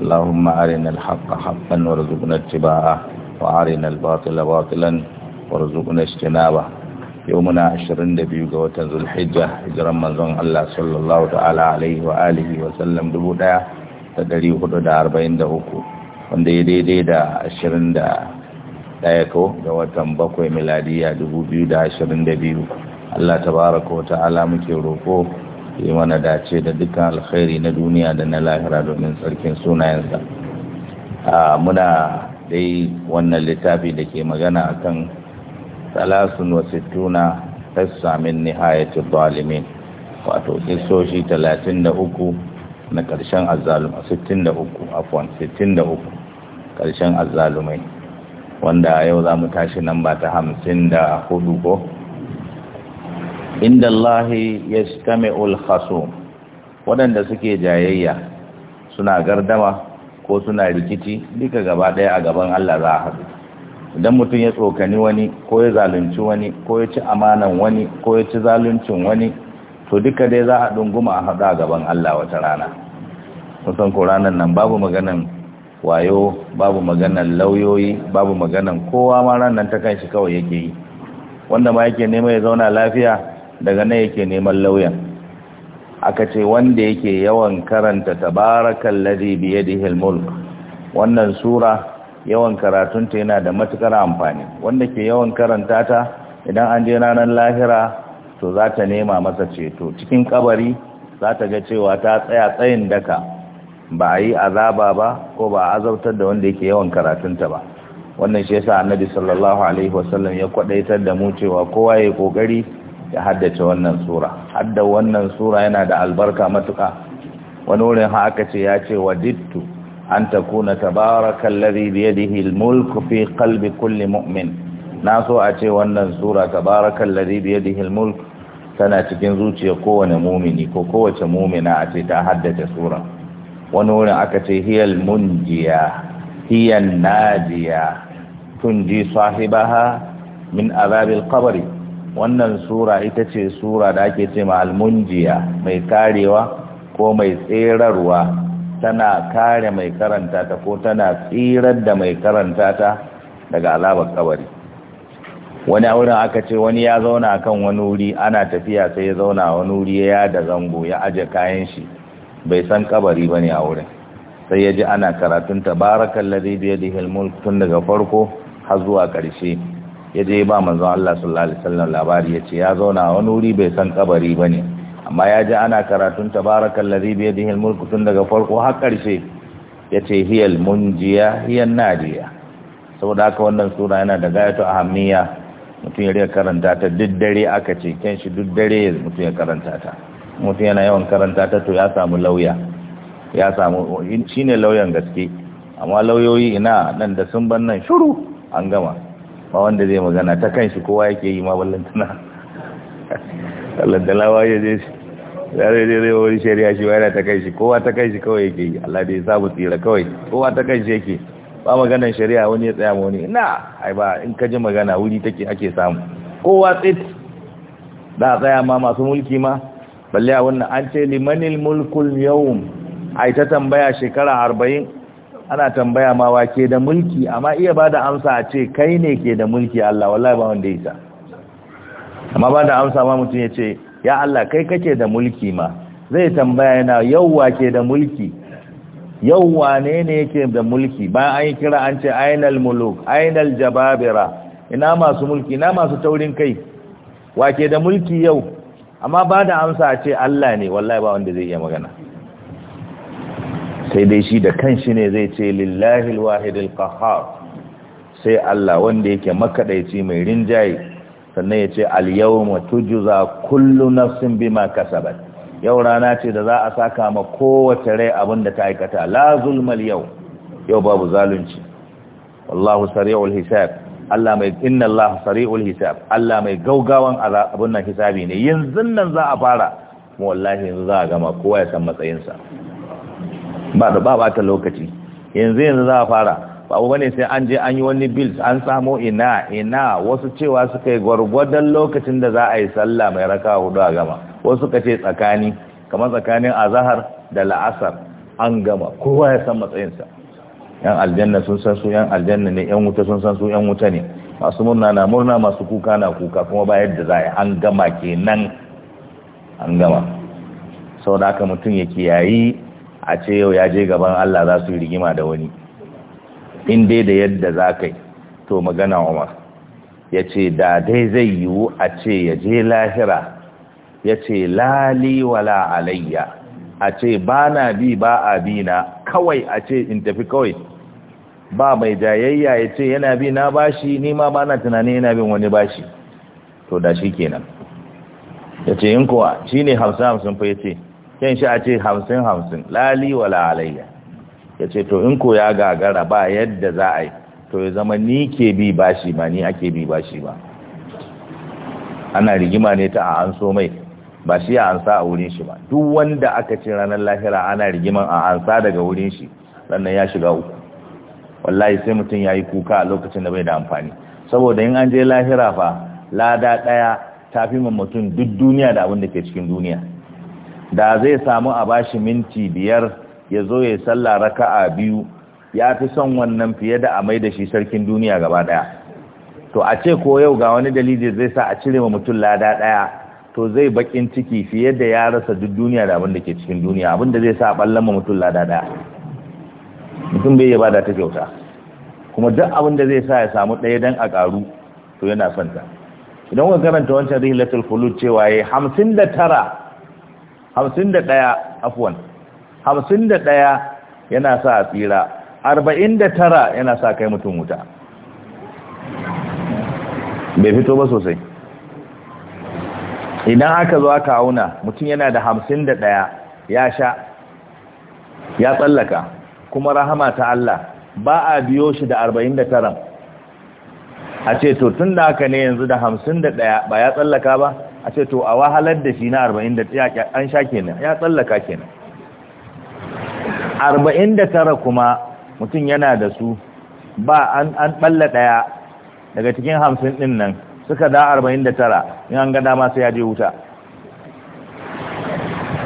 اللهم أرنا الحق حقا وارزقنا اتباعه وأرنا الباطل باطلا وارزقنا اجتنابه يومنا 22 ga watan Zulhijja hijiran manzon Allah sallallahu ta'ala alaihi wa alihi wa sallam 1443 wanda ya daidai da 21 ko ga watan 7 miladiya 2022 Allah tabaraka wa ta'ala muke roko yi mana dace da dukkan alkhairi na duniya da na lahira domin tsarkin sunayensa muna dai wannan littafi da ke magana akan talasun wasu tuna qissa min nihayati wato kisoshi talatin da uku na ƙarshen azzaluma sittin da uku sittin da uku ƙarshen azzalumai wanda yau za mu tashi nan ba ta hamsin da hudu ko inda Allahi ya stame waɗanda suke jayayya suna gardama ko suna rikici duka gaba ɗaya a gaban Allah za a idan mutum ya tsokani wani ko ya zalunci wani ko ya ci amanan wani ko ya ci zaluncin wani to duka dai za a ɗunguma a haɗu a gaban Allah wata rana musan ko ranar nan babu maganan wayo babu maganan lauyoyi babu maganan kowa ma ranar ta kan shi kawai yake yi wanda ma yake nema ya zauna lafiya daga nan yake neman lauyan aka ce wanda yake yawan karanta tabarakan ladhi biye da hilmulk wannan sura yawan karatunta yana da matukar amfani wanda ke yawan karanta ta idan an je ranar lahira to za ta nema masa ceto cikin kabari za ta ga cewa ta tsaya tsayin daka ba a yi azaba ba ko ba a azabtar da wanda yake yawan karatunta ba wannan shi yasa annabi sallallahu alaihi wasallam ya kwadaitar da mu cewa kowa ya kokari ya haddace wannan sura hadda wannan sura yana da albarka matuka wani wurin haka ce ya ce dittu? an takuna tabaraka kallari bi da almulku fi kalbi kulli mu'min na so a ce wannan sura tabaraka kallari bi da almulku tana cikin zuciya kowane mumini ko kowace mumina a ce ta haddace sura wani wurin aka ce hiyal munjiya hiyan najiya tunji sahibaha min azabil qabri wannan sura ita ce sura da ake ce almunjiya mai karewa ko mai tserarwa tana kare mai karanta ta ko tana tsirar da mai karanta ta daga alabar kabari wani wurin aka ce wani ya zauna kan wani wuri ana tafiya sai ya zauna wani wuri ya da zango ya aje kayan shi bai san kabari ba ne a wurin sai ya ji ana karatun tabarakan ladabi da hilmul tun daga farko har zuwa ƙarshe ya je ba manzon Allah sallallahu alaihi wasallam labari ya ce ya zauna wani wuri bai san kabari ba ne amma ya ji ana karatun tabarakal ladhi bi yadihi al-mulku tun daga farko har karshe ya ce hiyal munjiya hiyan nadiya saboda haka wannan sura yana da gayatu ahammiya mutum ya riga karanta ta duk dare aka ce kyan shi duk dare mutum ya karanta ta mutum yana yawan karanta ta to ya samu lauya ya samu shi lauyan gaske amma lauyoyi ina nan da sun ban nan shuru an gama ma wanda zai magana ta kan shi kowa yake yi ma da lawa ya zai shi zai zai zai wani shari'a shi yana ta kan shi kowa ta kan shi kawai yake yi Allah da ya samu tsira kawai kowa ta kan shi yake ba maganan shari'a wani ya tsaya ma wani ina ai ba in ka ji magana wuri take ake samu kowa tsit da tsaya ma masu mulki ma balle a wannan an ce limanil mulkul yawm ai ta tambaya shekara arba'in ana tambaya ma wa ke da mulki amma iya ba da amsa a ce kai ne ke da mulki Allah wallahi ba wanda yasa amma ba da amsa ma mutum ya ce ya Allah kai kake da mulki ma zai tambaya yana yauwa ke da mulki yauwa ne ne yake da mulki bayan an yi kira an ce ainal muluk ainal jababira ina masu mulki ina masu taurin kai wa ke da mulki yau amma ba da amsa a ce Allah ne wallahi ba wanda zai iya magana sai dai shi da kanshi ne zai ce lillahi alwahidil qahhar sai Allah wanda yake makadaici mai rinjaye sannan ya ce al-yawma tujza kullu nafsin bima kasabat yau rana ce da za a saka ma kowace rai abin da ta aikata la zulmal yau yau babu zalunci wallahu sari'ul hisab Allah mai inna Allah sari'ul hisab Allah mai gaugawan abin nan hisabi ne yanzu nan za a fara mu wallahi yanzu za a gama kowa ya san matsayinsa ba da ba ta lokaci yanzu yanzu za a fara ba ba ne sai an je an yi wani bills an samo ina ina wasu cewa suka yi gwargwadon lokacin da za a yi sallah mai raka hudu a gama wasu suka ce tsakani kamar tsakanin azahar da la'asar an gama kowa ya san matsayinsa yan aljanna sun san su yan aljanna ne yan wuta sun san su yan wuta ne masu murna na murna masu kuka na kuka kuma ba yadda za a an gama kenan an gama sau da aka mutum ya kiyayi a ce yau ya je gaban Allah za su yi rigima da wani in dai da yadda za ka yi to magana umar ya ce da dai zai yiwu a ce ya je lahira ya ce lali wala alayya a ce ba na bi ba a bi na kawai a ce in tafi kawai ba mai jayayya ya ce yana bi na bashi ni ma ba na tunanin yana bin wani bashi to da shi kenan ya ce in kuwa shi ne hamsin hamsin fa ya ce kyan shi a ce hamsin hamsin lali wa ya ce to in ko ya gagara ba yadda za a yi to ya zama ni ke bi bashi ba ni ake bi bashi ba ana rigima ne ta a an so mai ba shi a ansa a wurin shi ba duk wanda aka ce ranar lahira ana rigiman a ansa daga wurin shi sannan ya shiga uku wallahi sai mutum ya yi kuka a lokacin da bai da amfani saboda in an je lahira fa lada ɗaya ta fi mutum duk duniya da abin da ke cikin duniya da zai samu a bashi minti biyar ya zo ya salla raka'a biyu ya fi son wannan fiye da a mai da shi sarkin duniya gaba daya to a ce ko yau ga wani dalili zai sa a cire wa mutum lada daya to zai bakin ciki fiye da ya rasa duk duniya da abin da ke cikin duniya abin da zai sa a ballan ma mutum lada daya mutum bai yaba da ta kyauta kuma duk abin da zai sa ya samu ɗaya dan a ƙaru to yana son ta idan kuka karanta wancan rihilatul khulud cewa yi hamsin da tara hamsin da ɗaya afuwan hamsin da ɗaya yana sa a tsira arba'in da tara yana sa kai mutum wuta bai fito ba sosai idan aka zo aka auna mutum yana da hamsin da ɗaya ya sha ya tsallaka kuma rahama ta Allah ba a biyo shi da arba'in da taran a ce to tun da aka ne yanzu da hamsin da ɗaya ba ya tsallaka ba a ce to a wahalar da shi na 40 an sha kenan ya tsallaka kenan 49 kuma mutum yana da su ba an an balla daya daga cikin 50 din nan suka da 49 in an ga dama sai ya je wuta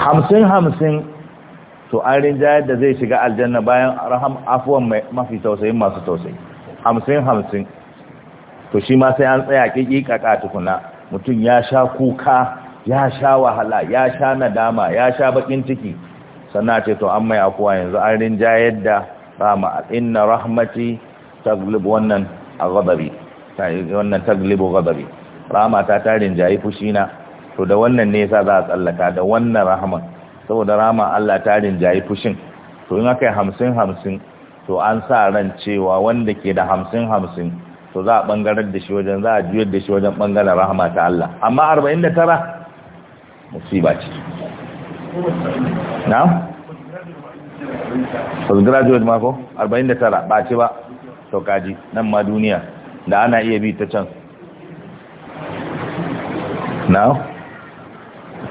50 50 to an rinjayar da zai shiga aljanna bayan raham afuwan mafi tausayin masu tausayi 50 50 to shi ma sai an tsaya ƙaƙa tukuna mutum ya sha kuka ya sha wahala ya sha nadama ya sha bakin ciki sannan ce to an mai kuwa yanzu an yadda da rama inna rahmati taglib wannan a gabari wannan taglibu gabari rama ta ta fushi na. to da wannan ne sa za a tsallaka da wannan rahman saboda rama Allah ta rinjayi fushin to in aka yi hamsin hamsin to an sa ran cewa wanda ke da hamsin hamsin to za a bangarar da shi wajen za a juyar da shi wajen bangaren rahama ta Allah amma 49 musiba ce na? postgraduate mako 49 ba ce ba to kaji nan ma duniya da ana iya bi ta can na?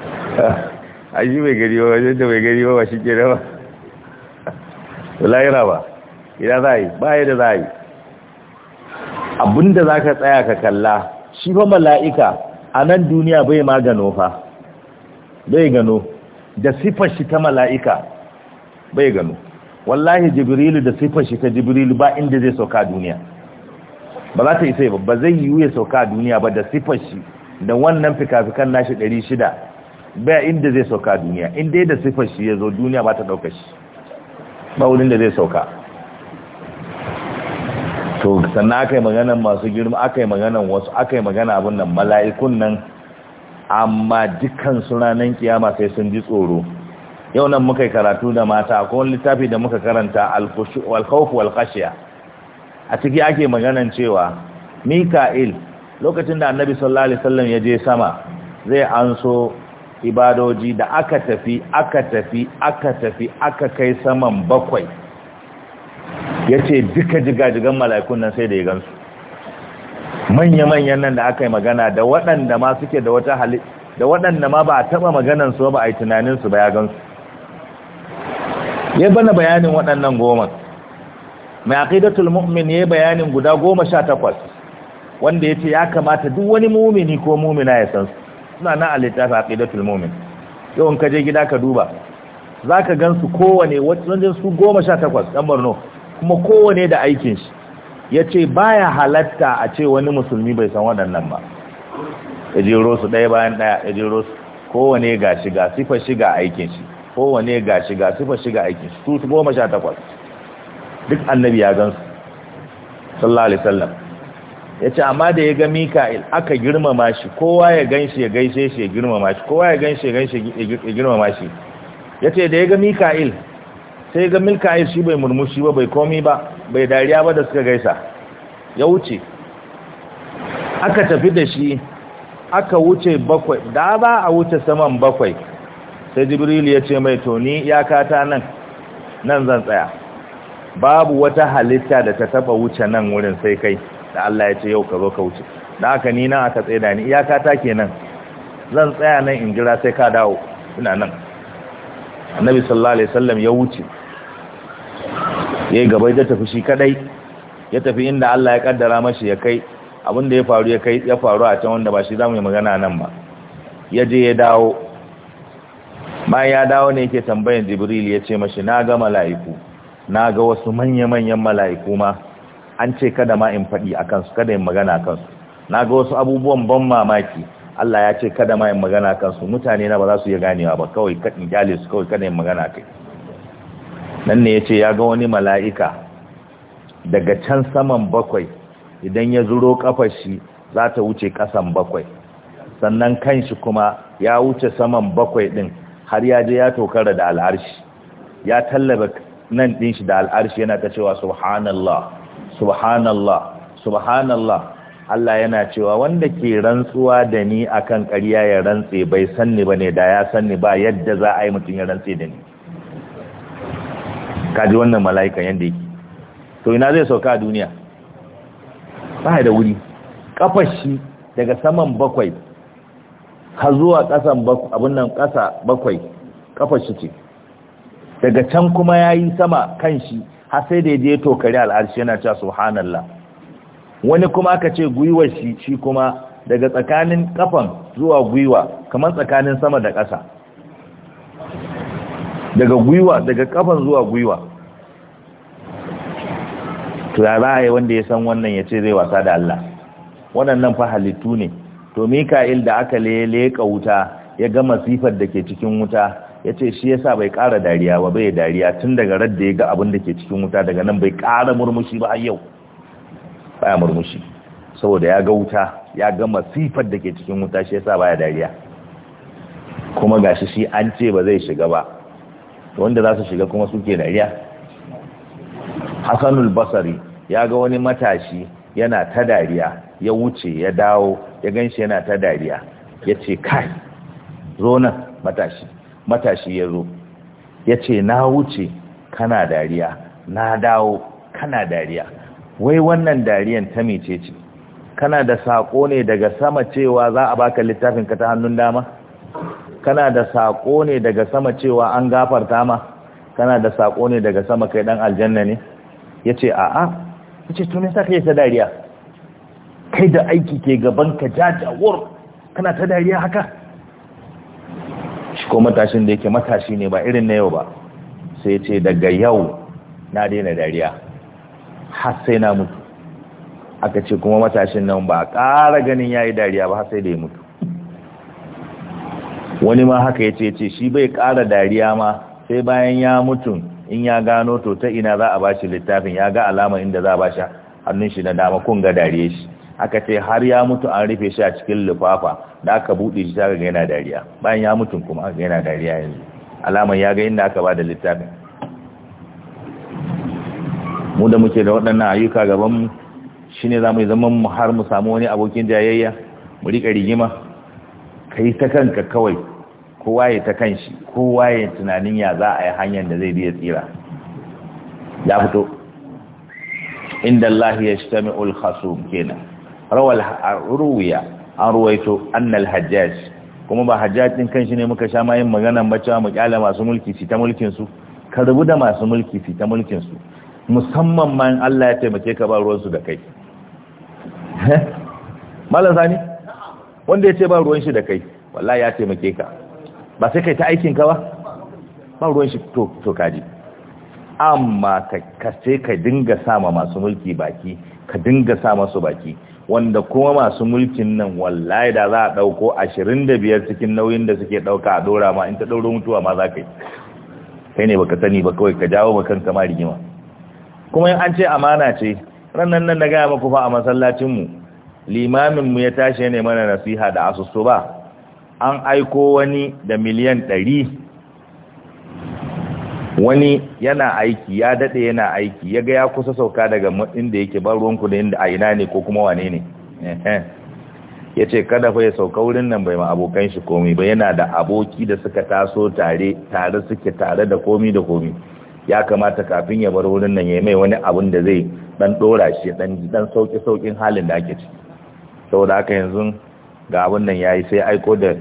a shi mai gari ba wajen da mai gari ba shi ke da ba lahira ba idan za a yi ba yadda za a yi abinda za ka tsaya ka kalla shi fa mala'ika a nan duniya bai ma gano fa bai gano da siffar shi ta mala'ika bai gano wallahi jibrilu da siffar shi ta jibrilu ba inda zai sauka duniya ba za ta isa ba zai yiwu ya sauka duniya ba da siffar shi da wannan fikafikan nashi ɗari shida ba inda zai sauka duniya inda da siffar shi ya zo duniya ba ta ɗaukashi. shi ba wurin da zai sauka to sannan aka yi maganan masu girma aka yi maganan wasu aka yi magana abin nan mala'ikun nan amma dukkan su ranar kiyama sai sun ji tsoro yau nan muka karatu da mata ko littafi da muka karanta alkhawfu walkhashiya a ciki ake maganan cewa mika'il lokacin da annabi sallallahu alaihi wasallam ya je sama zai anso ibadoji da aka tafi aka tafi aka tafi aka kai saman bakwai ya ce duka jigajigan mala'ikun nan sai da ya gansu manya-manyan nan da aka yi magana da waɗanda ma suke da wata hali da waɗanda ma ba a taɓa maganansu ba a yi tunaninsu ba ya gansu ya bana bayanin waɗannan goma mai aqidatul mu'min ya bayanin guda goma sha takwas wanda ya ce ya kamata duk wani mumini ko mumina ya san suna na a littafi aqidatul mu'min yawan kaje gida ka duba za ka gan kowane wajen su goma sha takwas ɗan borno kuma kowane da aikin shi ya ce baya halatta a ce wani musulmi bai san waɗannan ba ya jero su ɗaya bayan ɗaya ya jero su kowane ga shiga sifa shiga aikin shi kowane ga shiga sifa shiga aikin shi su goma sha takwas duk annabi ya gan su sallallahu alaihi wasallam ya ce amma da ya ga mika'il aka girmama shi kowa ya gan shi ya gaishe shi ya girmama shi kowa ya gan shi ya gan shi ya girmama shi ya ce da ya ga mika'il sai ga milka ayis shi bai murmushi ba bai komi ba bai dariya ba da suka gaisa ya wuce aka tafi da shi aka wuce bakwai da ba a wuce saman bakwai sai jibril ya ce mai toni iyakata nan nan zan tsaya babu wata halitta da ta taba wuce nan wurin sai kai da Allah ya ce yau ka zo ka wuce da aka ni nan aka tsaye da ni iyakata kenan zan tsaya nan in jira sai ka dawo ina nan annabi sallallahu alaihi wasallam ya wuce yi gaba ta tafi shi kadai ya tafi inda Allah ya kaddara mashi ya kai abinda ya faru ya kai ya faru a can wanda ba shi zamu yi magana nan ba ya je ya dawo bayan ya dawo ne yake tambayan Jibril ya ce mashi na ga mala'iku na ga wasu manya-manyan mala'iku ma an ce kada ma in faɗi a kansu kada in magana a kansu na ga wasu abubuwan ban mamaki Allah ya ce kada ma in magana a kansu mutane na ba za su iya ganewa ba kawai in gyale su kawai kada in magana kai nan ne ya ce ya ga wani mala'ika daga can saman bakwai idan ya zuro kafar shi za ta wuce kasan bakwai sannan kanshi kuma ya wuce saman bakwai din har ya je ya tokara da al'arshi ya tallaba nan din shi da al'arshi yana ta cewa subhanallah subhanallah subhanallah Allah yana cewa wanda ke rantsuwa da ni akan ƙarya ya rantse bai sanni bane da ya sanni ba yadda za a yi mutum ya rantse da ni kaji wannan mala'ikan yadda yake to ina zai sauka a duniya ba da wuri kafashi shi daga saman bakwai har zuwa kasan abin nan kasa bakwai kafashi ce daga can kuma ya yi sama kan shi har sai da ya je tokari al'arshi yana cewa subhanallah wani kuma aka ce gwiwa shi shi kuma daga tsakanin kafan zuwa gwiwa kamar tsakanin sama da ƙasa daga gwiwa daga kafan zuwa gwiwa to ya za wanda ya san wannan ya ce zai wasa da Allah waɗannan fa halittu ne to mika'il da aka leleka wuta ya ga masifar da ke cikin wuta ya ce shi yasa bai ƙara dariya ba bai dariya tun daga radda ya ga abin da ke cikin wuta daga nan bai ƙara murmushi ba a yau baya murmushi saboda ya ga wuta ya ga masifar da ke cikin wuta shi yasa baya dariya kuma gashi shi an ce ba zai shiga ba wanda za su shiga kuma suke dariya hassanul basari ya ga wani matashi yana ta dariya ya wuce ya dawo ya ganshi yana ta dariya ya ce kai zo nan matashi matashi ya zo ya ce na wuce kana dariya na dawo kana dariya wai wannan dariyan ta mece ce kana da saƙo ne daga sama cewa za a baka littafin ka ta hannun dama kana da sako ne daga sama cewa an gafarta ma kana da sako ne daga sama kai dan aljanna ne yace a'a yace to me sa kai ta dariya kai da aiki ke gaban ka jajawur kana ta dariya haka shi ko matashin da yake matashi ne ba irin na yau ba sai ce daga yau na daina dariya har sai na mutu aka ce kuma matashin nan ba ƙara ganin yayi dariya ba har sai da ya mutu wani ma haka ya ce shi bai kara dariya ma sai bayan ya mutum in ya gano to ta ina za a ba shi littafin ya ga alama inda za a ba shi hannun shi na dama kun ga dariye shi aka ce har ya mutu an rufe shi a cikin lufafa da aka buɗe shi ta ga yana dariya bayan ya mutum kuma aka yana dariya yanzu alaman ya ga inda aka ba da littafin mu da muke da waɗannan ayyuka gaban mu shine za mu yi zaman mu har mu samu wani abokin jayayya mu riƙa rigima ka yi ta kanka kawai kowa ya ta kan shi kowa ya tunanin ya za a yi hanyar da zai biya tsira ya fito inda Allah ya shi kenan rawal ruwiya an ruwaito annal hajjaj kuma ba hajjajin shi ne muka sha mayin maganan bacewa mu kyala masu mulki fita mulkinsu ka rubu da masu mulki fita mulkinsu musamman ma Allah ya taimake ka ba ruwansu da kai malam sani wanda ya ce ba ruwan shi da kai wallahi ya taimake ka ba sai kai ta aikin ka ba ba ruwan shi to to kaji amma ka sai ka dinga sama masu mulki baki ka dinga sa masu baki wanda kuma masu mulkin nan wallahi da za a ɗauko ashirin da biyar cikin nauyin da suke ɗauka a ɗora ma in ta dauro mutuwa ma za ka kai ne baka sani ba kawai ka jawo ba kanka ma rigima kuma in an ce amana ce ranar nan na gaya maku fa a mu limamin mu ya tashi ne mana nasiha da asusu ba an aiko wani da miliyan ɗari wani yana aiki ya daɗe yana aiki ya ga ya kusa sauka daga inda yake ban ruwanku da inda a ina ne ko kuma wane ne ya ce kada fa ya sauka wurin nan bai ma abokan shi komi ba yana da aboki da suka taso tare tare suke tare da komi da komi ya kamata kafin ya bar wurin nan ya mai wani abin da zai dan dora shi dan dan sauki saukin halin da ake ciki saboda haka yanzu ga abin nan yayi sai aiko da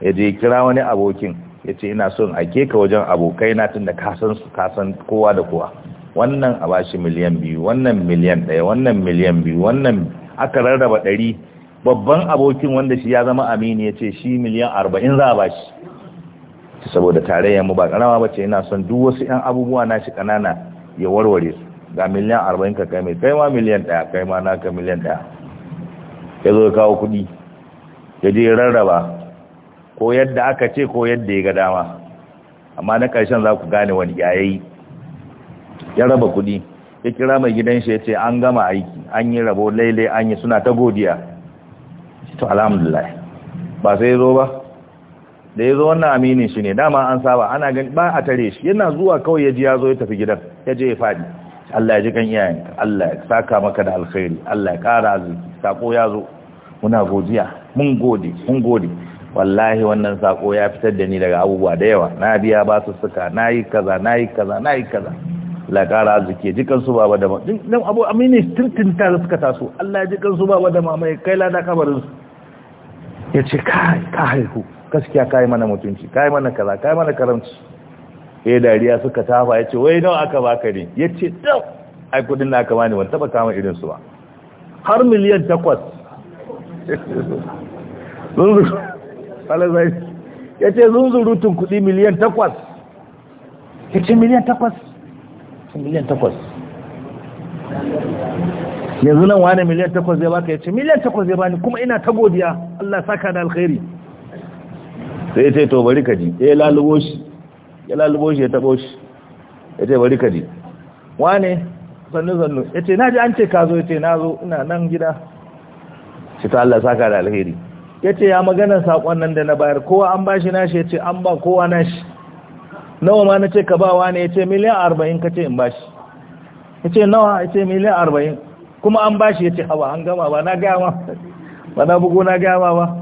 ya je kira wani abokin ya ce ina son ake ka wajen abokai na tun da kasan su kasan kowa da kowa wannan a bashi miliyan biyu wannan miliyan ɗaya wannan miliyan biyu wannan aka rarraba ɗari babban abokin wanda shi ya zama amini ya ce shi miliyan arba'in za a bashi saboda tarayyar mu ba karama ba ce ina son duk wasu 'yan abubuwa na shi ƙanana ya warware su ga miliyan arba'in ka kai mai kai ma miliyan ɗaya kai ma naka miliyan ɗaya ya zo kawo kuɗi ya je rarraba ko yadda aka ce ko yadda ya ga dama amma na ƙarshen za ku gane wani yayayi ya raba kuɗi ya kira mai gidan shi ya ce an gama aiki an yi rabo laile an yi suna ta godiya to alhamdulillah ba sai zo ba da ya zo wannan aminin shi ne dama an saba ana gani ba a tare shi yana zuwa kawai ya ji ya zo ya tafi gidan ya je ya fadi Allah ya ji kan iyayenka Allah ya saka maka da alkhairi Allah ya kara arziki sako ya zo muna godiya mun gode mun gode wallahi wannan sako ya fitar da ni daga abubuwa da yawa na biya ba su suka na yi kaza na yi kaza na yi kaza la kara arziki jikan su baba da mamaye dan abu amini tintin ta suka taso Allah ya jikan su baba da mamaye kai lada kabarin su ya ce kai ka haihu gaskiya kai mana mutunci kai mana kaza kai mana karamci eh dariya suka tafa ya ce wai nawa aka baka ne ya ce dau ai kudin naka bani ban taba kama irin su ba har miliyan takwas ya ce zunzurutun kudi miliyan takwas ya ce miliyan takwas miliyan takwas yanzu nan wane miliyan takwas zai baka ya ce miliyan takwas zai bani kuma ina ta godiya Allah saka da alkhairi sai ce to bari ka ji ya lalubo shi ya lalubo shi ya tabo shi ya ce bari ka ji wane sannu zannu ya ce na ji an ce ka zo ya ce na zo ina nan gida shi ta Allah saka da alheri ya ce ya magana saƙon nan da na bayar kowa an bashi nashi ya ce an ba kowa nashi nawa ma na ce ka ba wani yace miliyan arba'in ka ce in bashi ya ce nawa yace ce miliyan arba'in kuma an bashi ya ce hawa an gama ba na ma, ba na bugu na ma ba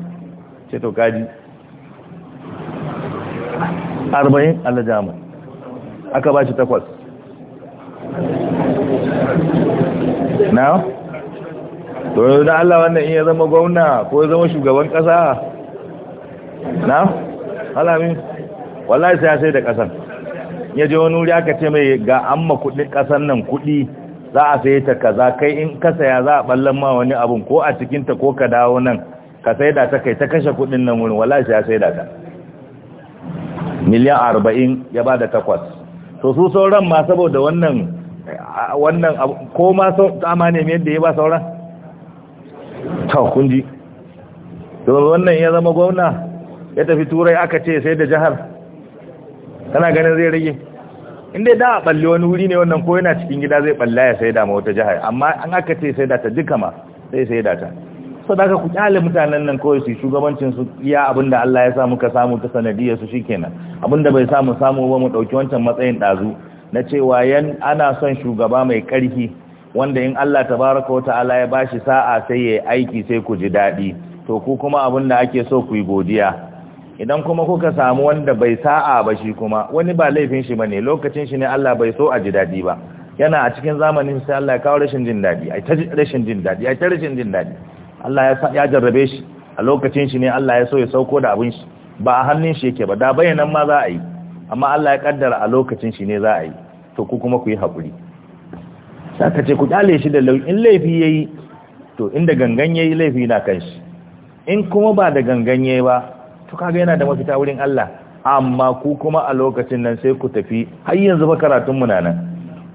ce to kaji arba'in Allah ja jami aka bashi takwas na to da Allah wannan iya zama gwamna ko ya zama shugaban kasa na halami wallahi sai ya sai da kasan ya je wani wuri aka ce mai ga amma kudin kasan nan kudi za a sai ta kaza kai in ka saya za a ballan ma wani abun ko a cikin ta ko ka dawo nan ka sai da ta kai ta kashe kudin nan wurin wallahi sai ya sai da ta miliyan arba'in ya ba da takwas to su sauran ma saboda wannan wannan ko ma amane yadda ya ba sauran kawo kunji wannan ya zama gwamna ya tafi turai aka ce sai da jihar kana ganin zai rage inda da a balle wani wuri ne wannan ko yana cikin gida zai balla ya sai da ma wata jihar amma an aka ce sai da duka ma sai sai da ta sau da ku kyale mutanen nan kawai su shugabancin su iya abin da Allah ya sa muka samu ta sanadiyar su shikenan abin da bai samu samu ba mu ɗauki wancan matsayin dazu na cewa yan ana son shugaba mai karfi wanda in Allah tabaraka wa ta'ala ya bashi sa'a sai ya aiki sai ku ji daɗi to ku kuma abin da ake so ku yi godiya idan kuma kuka samu wanda bai sa'a ba shi kuma wani ba laifin shi bane lokacin shi ne Allah bai so a ji daɗi ba yana a cikin zamanin sai Allah ya kawo rashin jin daɗi ai ta rashin jin daɗi ai ta rashin jin daɗi Allah ya jarrabe shi a lokacin shi ne Allah ya so ya sauko da abin shi ba a hannun shi yake ba da bayanan ma za a yi amma Allah ya kaddara a lokacin shi ne za a yi to ku kuma ku yi haƙuri sai ka ce ku kyale shi da lauyi in laifi yi to inda gangan yi laifi na kanshi in kuma ba da gangan yi ba to kaga yana da mafita wurin Allah amma ku kuma a lokacin nan sai ku tafi har yanzu ba karatun na nan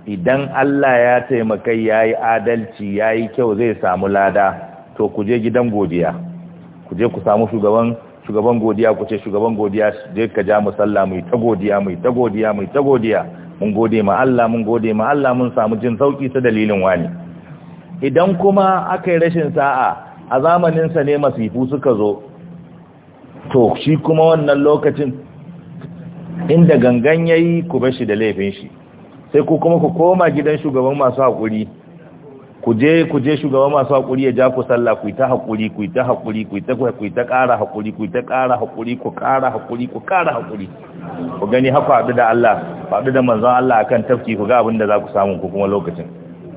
idan Allah ya taimaka yi adalci ya yi kyau zai samu lada to ku je gidan godiya ku je ku samu shugaban shugaban godiya ku ce shugaban godiya je ka ja musalla mai ta godiya mai ta godiya mai ta godiya mun gode ma Allah mun gode ma Allah mun samu jin sauki ta dalilin wani idan kuma aka yi rashin sa'a a zamaninsa ne masifu suka zo to shi kuma wannan lokacin inda gangan yayi ku bar shi da laifin shi sai ku kuma ku koma gidan shugaban masu haƙuri ku je ku je masu hakuri ya ja ku sallah ku yi ta hakuri ku yi ta hakuri ku yi ta ku ta ƙara hakuri ku yi ta ƙara hakuri ku ƙara hakuri ku ƙara hakuri ku gani haka haɗu da Allah haɗu da manzon Allah akan tafki ku ga abin da za ku samu ku kuma lokacin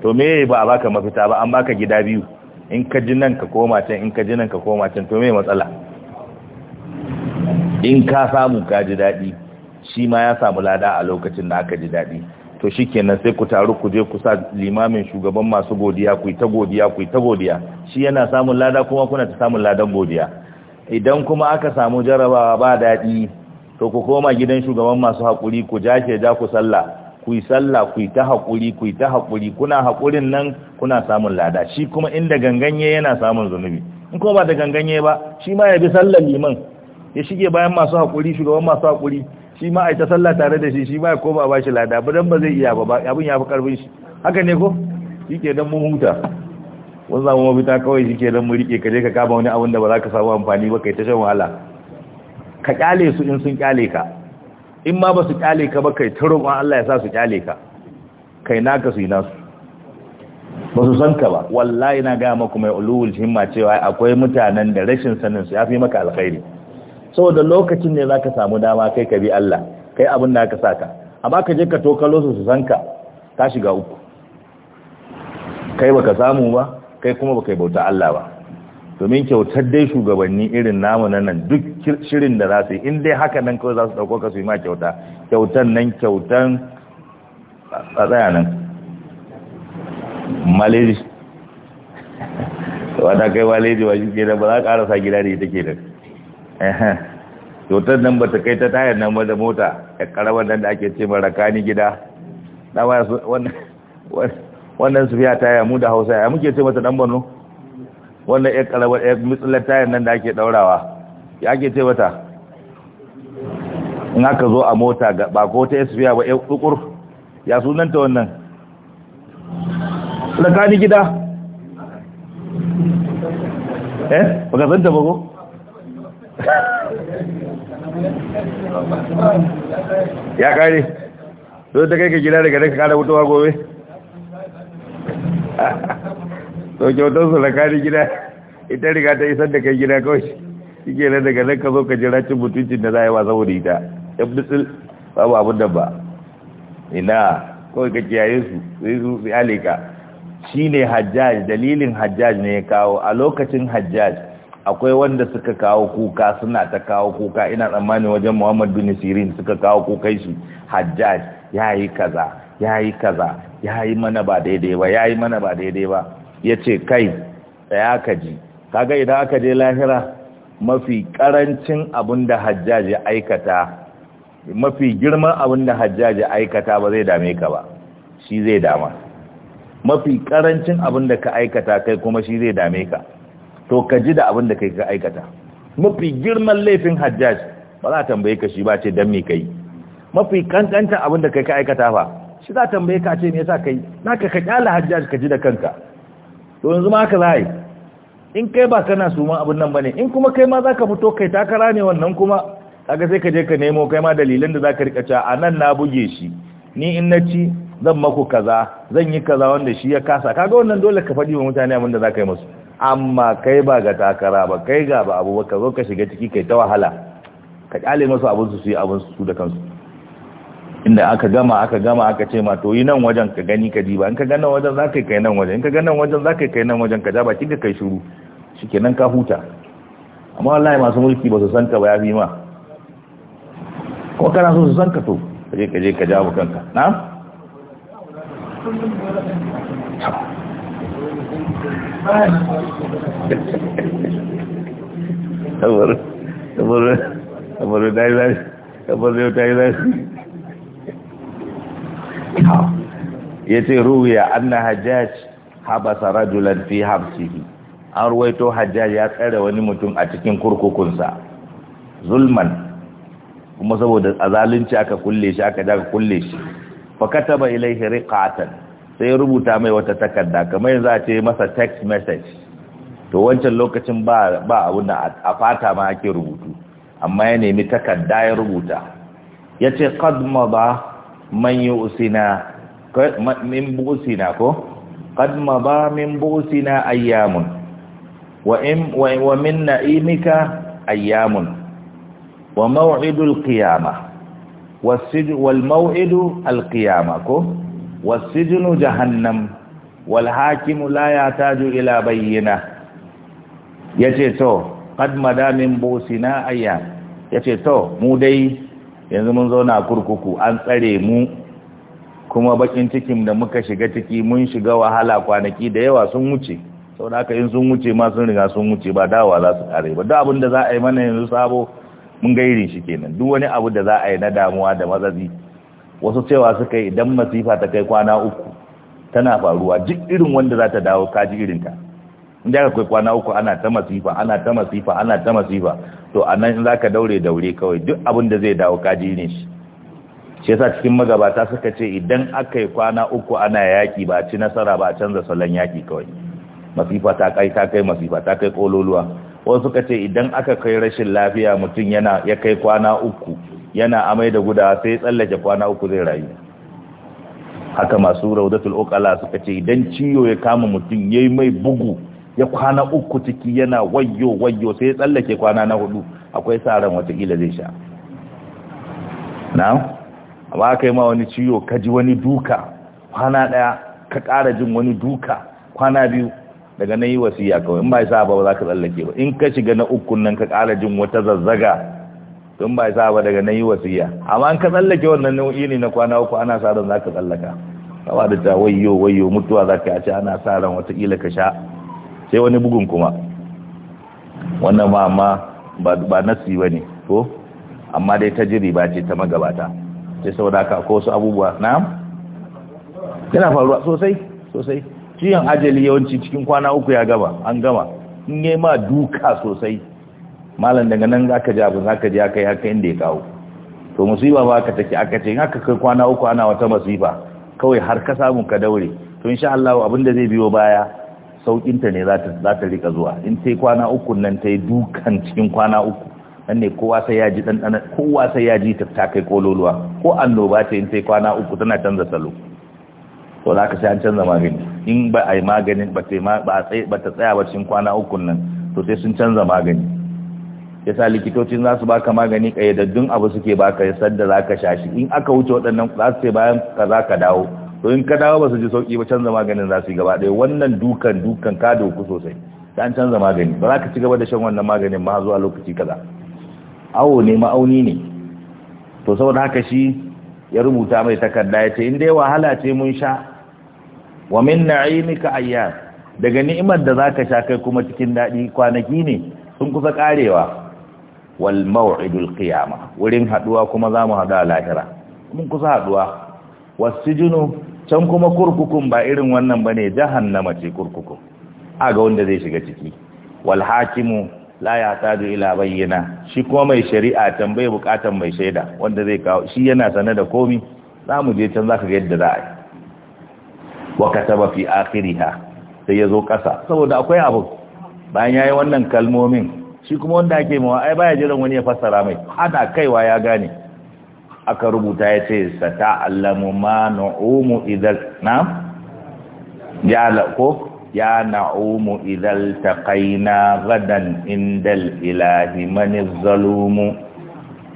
to me ba a baka mafita ba an baka gida biyu in ka ji nan ka koma can in ka ji nan ka koma can to me matsala in ka samu ka ji daɗi shi ma ya samu lada a lokacin da aka ji daɗi to shikenan sai ku taru ku je ku sa limamin shugaban masu godiya ku yi ta godiya ku yi ta godiya shi yana samun lada kuma kuna ta samun ladan godiya idan kuma aka samu jarabawa ba daɗi to ku koma gidan shugaban masu haƙuri ku ja ke ja ku salla ku yi salla ku yi ta haƙuri ku yi ta haƙuri kuna haƙurin nan kuna samun lada shi kuma inda ganganye yana samun zunubi in kuma ba da ganganye ba shi ma ya bi sallar liman ya shige bayan masu haƙuri shugaban masu haƙuri shi ma aita sallah tare da shi shi ma ya koma ba shi lada budan ba zai iya ba abin ya fi karfin shi haka ne ko shi ke don mun huta wani zamu mafita kawai shi ke don mu rike kaje ka kama wani abin da ba za ka samu amfani ba kai ta shan wahala ka kyale su in sun kyale ka in ma ba su kyale ka ba kai ta roƙon Allah ya sa su kyale ka kai naka su yi nasu ba su san ka ba wallahi na gaya maku mai ulul himma cewa akwai mutanen da rashin sanin su ya fi maka alkhairi saboda lokacin ne za ka samu dama kai ka bi Allah kai abin da aka saka amma ka je ka tokalo su su sanka ka shiga uku kai ba ka samu ba kai kuma ba kai bauta Allah ba domin kyautar dai shugabanni irin namu nan duk shirin da za su yi in dai haka nan kawai za su dauko ka su yi ma kyauta kyautan nan kyautan a tsaya nan maleji wadda kai maleji ba shi ke da ba za a karasa gida da ita ke da cutar nan ba ta kai ta tayar nan ba da mota ya karawar nan da ake ce mara kani gida wannan su fiya tayar mu da hausa ya muke ce mata ba no? wannan ya karawar ya mitsalar tayar nan da ake daurawa ya ake ce mata in haka zo a mota ga ko ta ya ba ya kukur ya sunanta wannan rakani gida eh baka zanta ba ko ya kare so ta kai ka gida daga daga kada wutowa gobe so kyautar su da kare gida ita riga ta isar da kai gida kawai shi ke nan daga nan zo ka jira cin mutuncin da za a yi wasa wuri ta ya fi babu abin da ba ina kawai ka kiyaye su sai su fi alika shi ne hajjaj dalilin hajjaj ne ya kawo a lokacin hajjaj akwai wanda suka kawo kuka suna ta kawo kuka ina tsammani wajen Muhammad bin Sirin suka kawo kukai shi Hajjaj yayi kaza yayi kaza yayi mana ba daidai ba yayi mana ba daidai ba yace kai tsaya ka ji kaga idan aka je lahira mafi karancin da Hajjaj ya aikata mafi girman da Hajjaj ya aikata ba zai dame ka ba shi zai dama mafi karancin da ka aikata kai kuma shi zai dame ka to ka ji da abin da kai ka aikata mafi girman laifin hajjaj ba za a tambaye ka shi ba ce don me kai mafi kankanta abin da kai ka aikata ba shi za a tambaye ka ce me yasa kai naka ka kyala hajjaj ka ji da kanka to yanzu ma haka za yi in kai ba kana suman abin nan bane in kuma kai ma za ka fito kai takara ne wannan kuma kaga sai ka je ka nemo kai ma dalilan da za ka rika a nan na buge shi ni in na ci zan maku kaza zan yi kaza wanda shi ya kasa kaga wannan dole ka faɗi wa mutane abin da za ka yi musu amma kai ba ga takara ba kai ga ba abu ba ka zo ka shiga ciki kai ta wahala ka kyale masu abin su yi abin su da kansu inda aka gama aka gama aka ce ma to yi nan wajen ka gani ka ji ba in ka gana wajen za ka kai nan wajen in ka gana wajen za ka kai nan wajen ka ja baki ka kai shuru shikenan ka huta amma wallahi masu mulki ba su san ka ba ya fi ma ko kana so su san ka to kaje kaje ka jawo kanka na kamar da yi ya ce ruwiya anna hajjaj habasa rajulan fi hamsihi an ruwaito hajjaj ya tsare wani mutum a cikin kurkukunsa zulman kuma saboda a zalunci aka kulle shi aka daga kulle shi fakataba ilaihi riqatan sai ya rubuta mai wata takarda kamar yanzu a ce masa text message to wancan lokacin ba ba da a fata ma ake rubutu amma ya nemi takarda ya rubuta ya ce qad mada man yusina min busina ko kadma ba min busina ayyamun wa in wa min na'imika ayyamun wa maw'idul qiyamah والموعد القيامة ko والسجن جهنم والحاكم لا يحتاج إلى بينة yace to مدى من بوسنا ayya yace to mu dai yanzu mun zauna kurkuku an tsare mu kuma bakin cikin da muka shiga ciki mun shiga wahala kwanaki da yawa sun wuce saboda haka in sun wuce ma sun riga sun wuce ba dawa za su kare ba duk abin da za a yi mana yanzu sabo mun gairin shi kenan duk wani abu da za a yi na damuwa da mazazi wasu cewa suka yi idan masifa ta kai kwana uku tana faruwa duk irin wanda za ta dawo kaji irinta inda aka kai kwana uku ana ta masifa ana ta masifa ana ta masifa to a nan za ka daure daure kawai duk abin da zai dawo kaji ne shi shi yasa cikin magabata suka ce idan aka yi kwana uku ana yaƙi ba ci nasara ba canza salon yaki kawai masifa ta kai ta kai masifa ta kai kololuwa wasu suka ce idan aka kai rashin lafiya mutum yana ya kai kwana uku yana amai da guda sai tsallake kwana uku zai rayu haka masu raudatul okala suka ce idan ciwo ya kama mutum yayi mai bugu ya kwana uku ciki yana wayyo wayyo sai ya tsallake kwana na hudu akwai sa ran watakila zai sha na amma aka yi ma wani ciwo ka ji wani duka kwana daya ka kara jin wani duka kwana biyu daga nan yi wasiya kawai in ba ya sa ba za ka tsallake ba in ka shiga na ukun nan ka kara jin wata zazzaga tun ba sa ba daga nan yi wasiya amma an ka tsallake wannan nau'i ne na kwana uku ana sa ran zaka tsallaka kawai da ta wayyo wayyo mutuwa zaka a ce ana sa ran watakila ka sha sai wani bugun kuma wannan ma amma ba nasi ba ne ko amma dai ta jiri ba ce ta magabata sai sau da ka ko su abubuwa na yana faruwa sosai sosai ciyon ajali yawanci cikin kwana uku ya gaba an gama in yi ma duka sosai malam daga nan za ka ji abu za ka ji aka yi haka inda ya kawo to musiba ba ka take aka ce haka kai kwana uku ana wata musiba kawai har ka samu ka daure to insha Allah abin da zai biyo baya ta ne za ta rika zuwa in sai kwana uku nan ta yi dukan cikin kwana uku nan ne kowa sai ya ji ɗanɗana kowa sai ya ji ta kai kololuwa ko annoba ce in sai kwana uku tana canza salo to za ka sai an canza magani in ba a yi maganin ba ta tsaya ba cikin kwana uku nan to sai sun canza magani yasa likitocin za su baka magani kayyadaddun abu suke baka ya sadda za ka shashi in aka wuce waɗannan za su ce bayan ka za ka dawo to in ka dawo ba su ji sauƙi ba canza maganin za su yi gaba ɗaya wannan dukan dukan ka da doku sosai ta an canza magani ba za ka ci gaba da shan wannan maganin ma zuwa lokaci kaza awo ne ma'auni ne to saboda haka shi ya rubuta mai takarda ya ce in dai wahala ce mun sha wa min na'imika ayyan daga ni'imar da zaka sha kai kuma cikin daɗi kwanaki ne sun kusa karewa wal maw'idul qiyama wurin haduwa kuma zamu hadu a lahira mun kusa haduwa wasijunu can kuma kurkukun ba irin wannan bane jahannama ce kurkukun aga wanda zai shiga ciki wal hakimu la yatadu ila bayyana shi kuma mai shari'a tambaye bukatan mai shaida wanda zai kawo shi yana sane da komi zamu je can zaka ga yadda za a yi wa kataba fi akhiriha sai yazo kasa saboda akwai abu bayan yayi wannan kalmomin shi kuma wanda ake mawa ai baya jiran wani ya fassara mai ana kaiwa ya gane aka rubuta ya ce sata allamu ma na'umu idan na ya ko ya na'umu idan taqaina gadan indal ilahi mani zalumu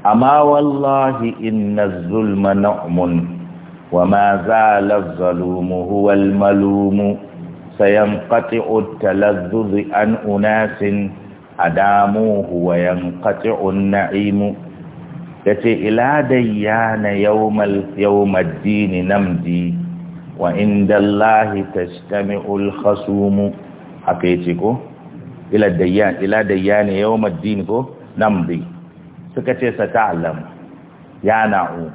amma wallahi inna zulma na'mun wa ma zala zalumu huwa malumu sayanqati'u at-talazzuz an unasin adamuhu wa an na'imu yace ila dayyana yawmal din namdi wa indallahi tajtami'ul khasum haka ko ila dayyan ila dayyana din ko namdi suka ce sata'lam ya na'u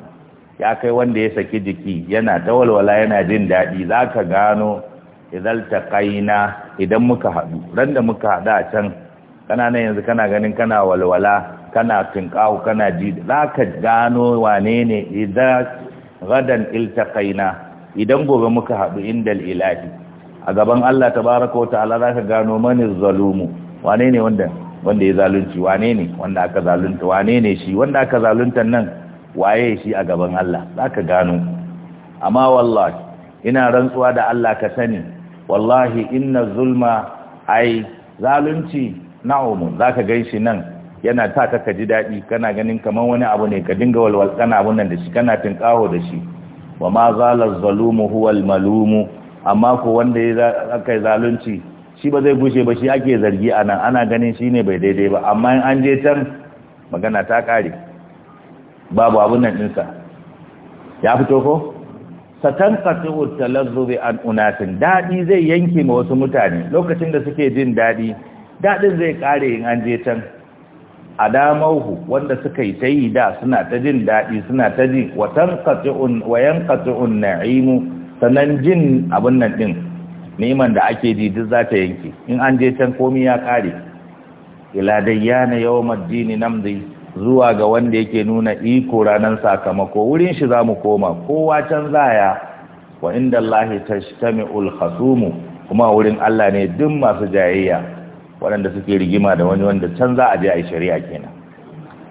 ya kai wanda ya saki jiki yana tawalwala yana jin dadi zaka gano idan taqaina idan muka hadu randa muka hada can kana nan yanzu kana ganin kana walwala kana tinkahu kana ji za ka gano wane ne idan gadan iltaqaina idan gobe muka haɗu inda ilahi a gaban Allah ta baraka wa ta'ala za ka gano mani zalumu wane ne wanda wanda ya zalunci wane ne wanda aka zalunta wane ne shi wanda aka zalunta nan waye shi a gaban Allah za ka gano amma wallahi ina rantsuwa da Allah ka sani wallahi inna zulma ai zalunci na'umu za ka gan shi nan yana ta ta ka ji daɗi kana ganin kamar wani abu ne ka dinga walwal kana abun nan da shi kana tun kawo da shi wa ma zala zalumu huwal malumu amma ko wanda ya aka zalunci shi ba zai bushe ba shi ake zargi anan ana ganin shi ne bai daidai ba amma in an je can magana ta ƙare babu abun nan ɗinsa ya fito ko satan qati'u talazzubi an unasin daɗi zai yanke ma wasu mutane lokacin da suke jin daɗi. daɗin zai ƙare in an je can a damauhu wanda suka yi ta yi da suna ta jin daɗi suna ta ji wayan katsu'un na'imu sannan jin abin nan ɗin neman da ake ji duk za ta yanke in an je can komi ya ƙare iladayya na yawon maddini namdi zuwa ga wanda yake nuna iko ranar sakamako wurin shi za mu koma kowa can zaya wa inda Allah ta shi kuma wurin Allah ne duk masu jayayya waɗanda suke rigima da wani wanda can za a je a yi shari'a kenan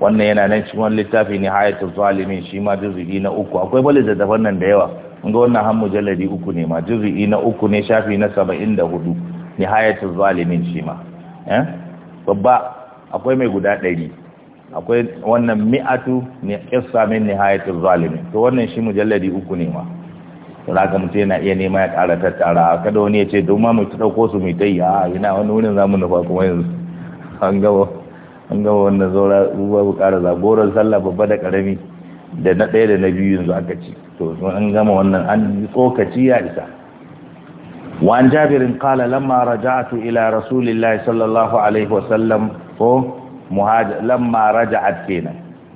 wannan yana nan cikin wani littafi ne hayatul zalimin shi ma juzu'i na uku akwai bali da daban nan da yawa ga wannan han jalladi uku ne ma juzu'i na uku ne shafi na da hudu 74 nihayatul zalimin shi ma eh? babba akwai mai guda ɗari. akwai wannan mi'atu ne qissa min nihayatul zalimin to wannan shi mujalladi uku ne ma to haka mutum yana iya nema ya kara tattara kada wani ya ce don ma mu ɗauko su mai ta yi a yana wani wurin zamu nufa kuma yanzu an gaba an gaba wannan zaura babu ƙara sallah babba da da na ɗaya da na biyu yanzu aka ci to an gama wannan an tsokaci ya isa وعن جابر قال لما رجعت إلى رسول الله صلى الله عليه وسلم مهاجر لما رجعت فينا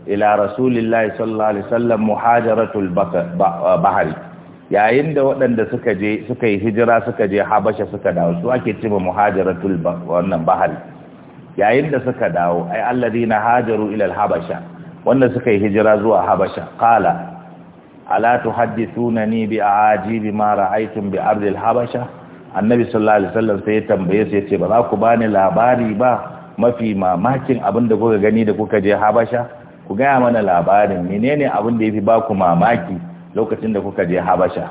إلى رسول الله صلى الله عليه وسلم مهاجرة البحر yayin da waɗanda suka je suka yi hijira suka je habasha suka dawo su ake ba muhajiratul wannan bahal yayin da suka dawo ai alladina hajaru ila habasha wanda suka yi hijira zuwa habasha qala ala tuhaddithunani bi ajibi ma ra'aytum bi ardi habasha annabi sallallahu alaihi wasallam sai ya tambaye su yace ba za ku bani labari ba mafi mamakin abin da kuka gani da kuka je habasha ku gaya mana labarin menene abin da yafi ba ku mamaki lokacin da kuka je habasha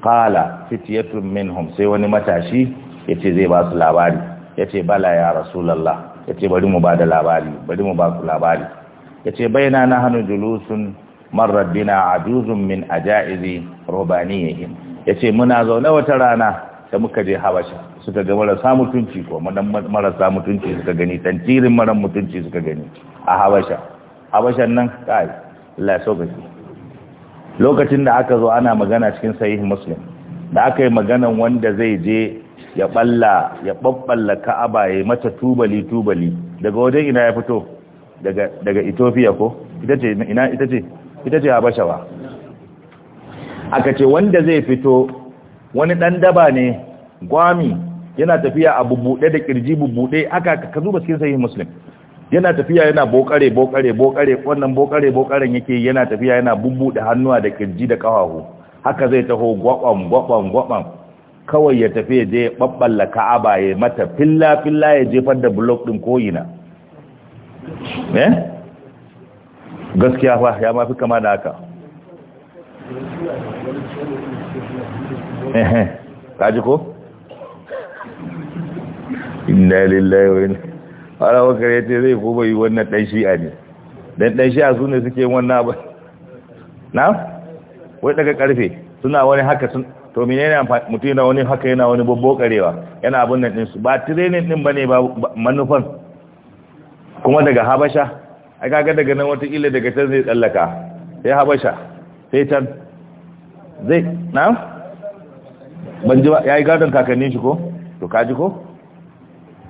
kala fityatun minhum sai wani matashi yace zai ba su labari yace bala ya rasulullah yace bari mu ba da labari bari mu ba su labari yace baina nahnu julusun marrat a ajuzun min ajaizi rubaniyihim yace muna zaune wata rana da muka je habasha suka ga marasa mutunci ko marasa mutunci suka gani tantirin maran mutunci suka gani a habasha habashan nan kai Allah ya gaske lokacin da aka zo ana magana cikin sahih muslim da aka yi maganan wanda zai je ya balla ya babballa ka'aba ya mata tubali tubali daga wajen ina ya fito daga daga Ethiopia ko ita ce ina itace itace Habasha ba aka ce wanda zai fito wani dan daba ne gwami yana tafiya a bubude da kirji bubude aka ka duba cikin sahih muslim yana tafiya yana bokare bokare bokare wannan bokare bokaren yake yana tafiya yana bubbuɗe hannuwa da kirji da kawahu haka zai taho gwabam gwabam gwabam kawai ya tafi ya je babballa ka'aba ya mata filla filla ya jefar da block din koyina eh gaskiya fa ya mafi kama da haka eh, eh. ji ko inna lillahi wa inna wakar ya ce zai kuma yi wannan ɗan shi'a ne don ɗan shi'a su ne suke wannan ba. na? wai daga karfe suna wani haka sun to mine ne mutum yana wani haka yana wani babbo karewa yana abin nan ɗinsu ba tirenin ɗin ba ne ba manufan kuma daga habasha a kaga daga nan watakila daga can zai tsallaka sai habasha sai can zai na? ban ji ba ya yi gadon kakannin shi ko? to kaji ko?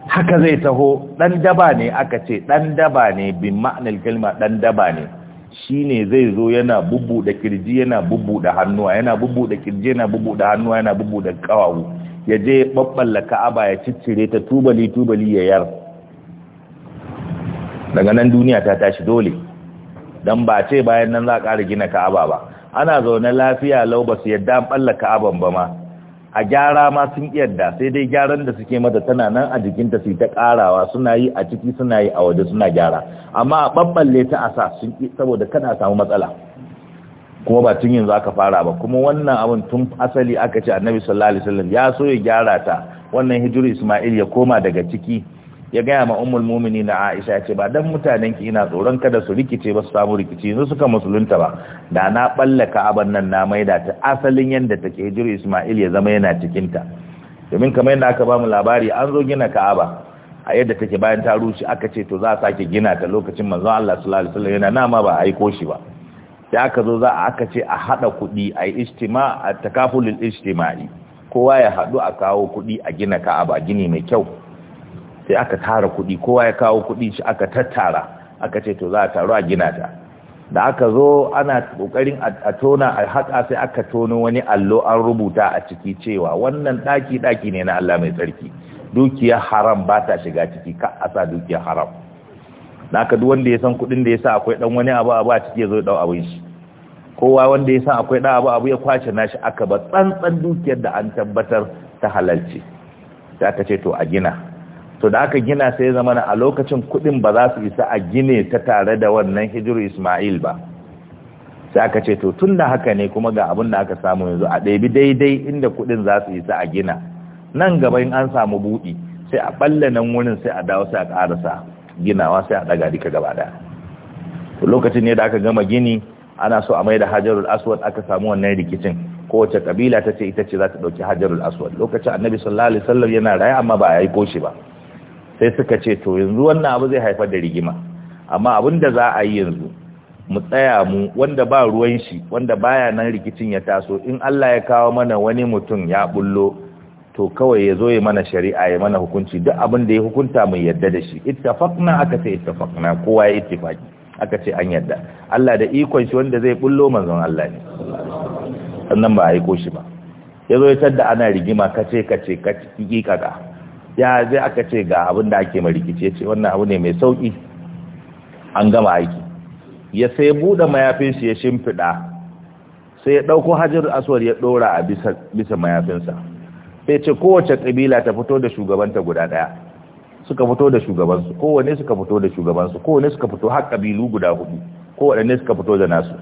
haka zai taho ɗan daba ne aka ce ɗan daba ne bi ma'anar kalma ɗan daba ne shi ne zai zo yana bubu da kirji yana bubu da hannuwa yana bubu da kirji yana bubu da hannuwa yana bubu da kawawu ya je babballa ka'aba ya ciccire ta tubali tubali ya yar daga nan duniya ta tashi dole don ba ce bayan nan za a ƙara gina ka'aba ba ana zaune lafiya lau ba su yadda an ɓalla ka'aban ba ma a gyara ma sun yadda, sai dai gyaran da suke mata tana nan a jikinta su ta karawa suna yi a ciki suna yi a waje suna gyara amma a ɓaɓɓalle ta a sa sun ƙi saboda kana samu matsala kuma ba tun yanzu aka fara ba kuma wannan abin tun asali aka ce annabi sallallahu alaihi wasallam ya so ya gyara ta wannan hijiru isma'il ya koma daga ciki ya gaya ma ummul mumini na aisha ya ce ba dan mutanen ki ina tsoron kada su rikice ba su samu rikici yanzu suka musulunta ba da na balla ka'aban nan na maida ta asalin yanda take hijiru isma'il ya zama yana cikin ta domin kamar yadda aka bamu labari an zo gina ka'aba a yadda take bayan ta rushe aka ce to za a sake gina ta lokacin manzon Allah sallallahu alaihi wasallam yana nama ba aiko shi ba sai aka zo za a aka ce a hada kuɗi a yi ijtima a takafulul ijtima'i kowa ya hadu a kawo kuɗi a gina ka'aba gini mai kyau sai aka tara kuɗi kowa ya kawo kuɗi shi aka tattara aka ce to za a taru a gina ta da aka zo ana kokarin a tona a haƙa sai aka tono wani allo an rubuta a ciki cewa wannan ɗaki daki ne na Allah mai tsarki dukiyar haram ba ta shiga ciki ka a sa dukiyar haram da aka duk wanda ya san kuɗin da ya sa akwai dan wani abu abu a ciki ya zo dau abin shi kowa wanda ya san akwai dan abu abu ya kwace nashi aka ba tsantsan dukiyar da an tabbatar ta halalci da aka ce to a gina to da aka gina sai zama a lokacin kudin ba za su isa a gine ta tare da wannan hijiru ismail ba sai aka ce to tun da haka ne kuma ga abin da aka samu yanzu a ɗabi daidai inda kudin za su isa a gina nan gaba in an samu buɗi sai a ɓalle nan wurin sai a dawo sai a ƙarasa ginawa sai a ɗaga duka gaba ɗaya lokacin ne da aka gama gini ana so a mai da hajarul aswad aka samu wannan rikicin kowace kabila ta ce ita ce za ta ɗauki hajarul aswad lokacin annabi sallallahu alaihi wasallam yana raye amma ba a yi koshi ba sai suka ce to yanzu wannan abu zai haifar da rigima amma abin da za a yi yanzu mu tsaya mu wanda ba ruwan shi wanda baya nan rikicin ya taso in Allah ya kawo mana wani mutum ya bullo to kawai ya zo ya mana shari'a ya mana hukunci duk abin da ya hukunta mu yadda da shi ittafaqna aka ce ittafaqna kowa ya ittifaki aka ce an yadda Allah da ikon shi wanda zai bullo manzon Allah ne sannan ba a aiko shi ba ya zo ya tadda ana rigima kace kace kace ka. ya zai aka ce ga abin da ake marikici ya ce wannan abu ne mai sauki an gama aiki ya sai buɗe mayafin shi ya shimfiɗa sai ya ɗauko hajjar aswar ya ɗora a bisa mayafinsa sai ce kowace ƙabila ta fito da shugabanta guda ɗaya suka fito da shugabansu kowane suka fito da shugabansu kowane suka fito har ƙabilu guda huɗu kowane suka fito da nasu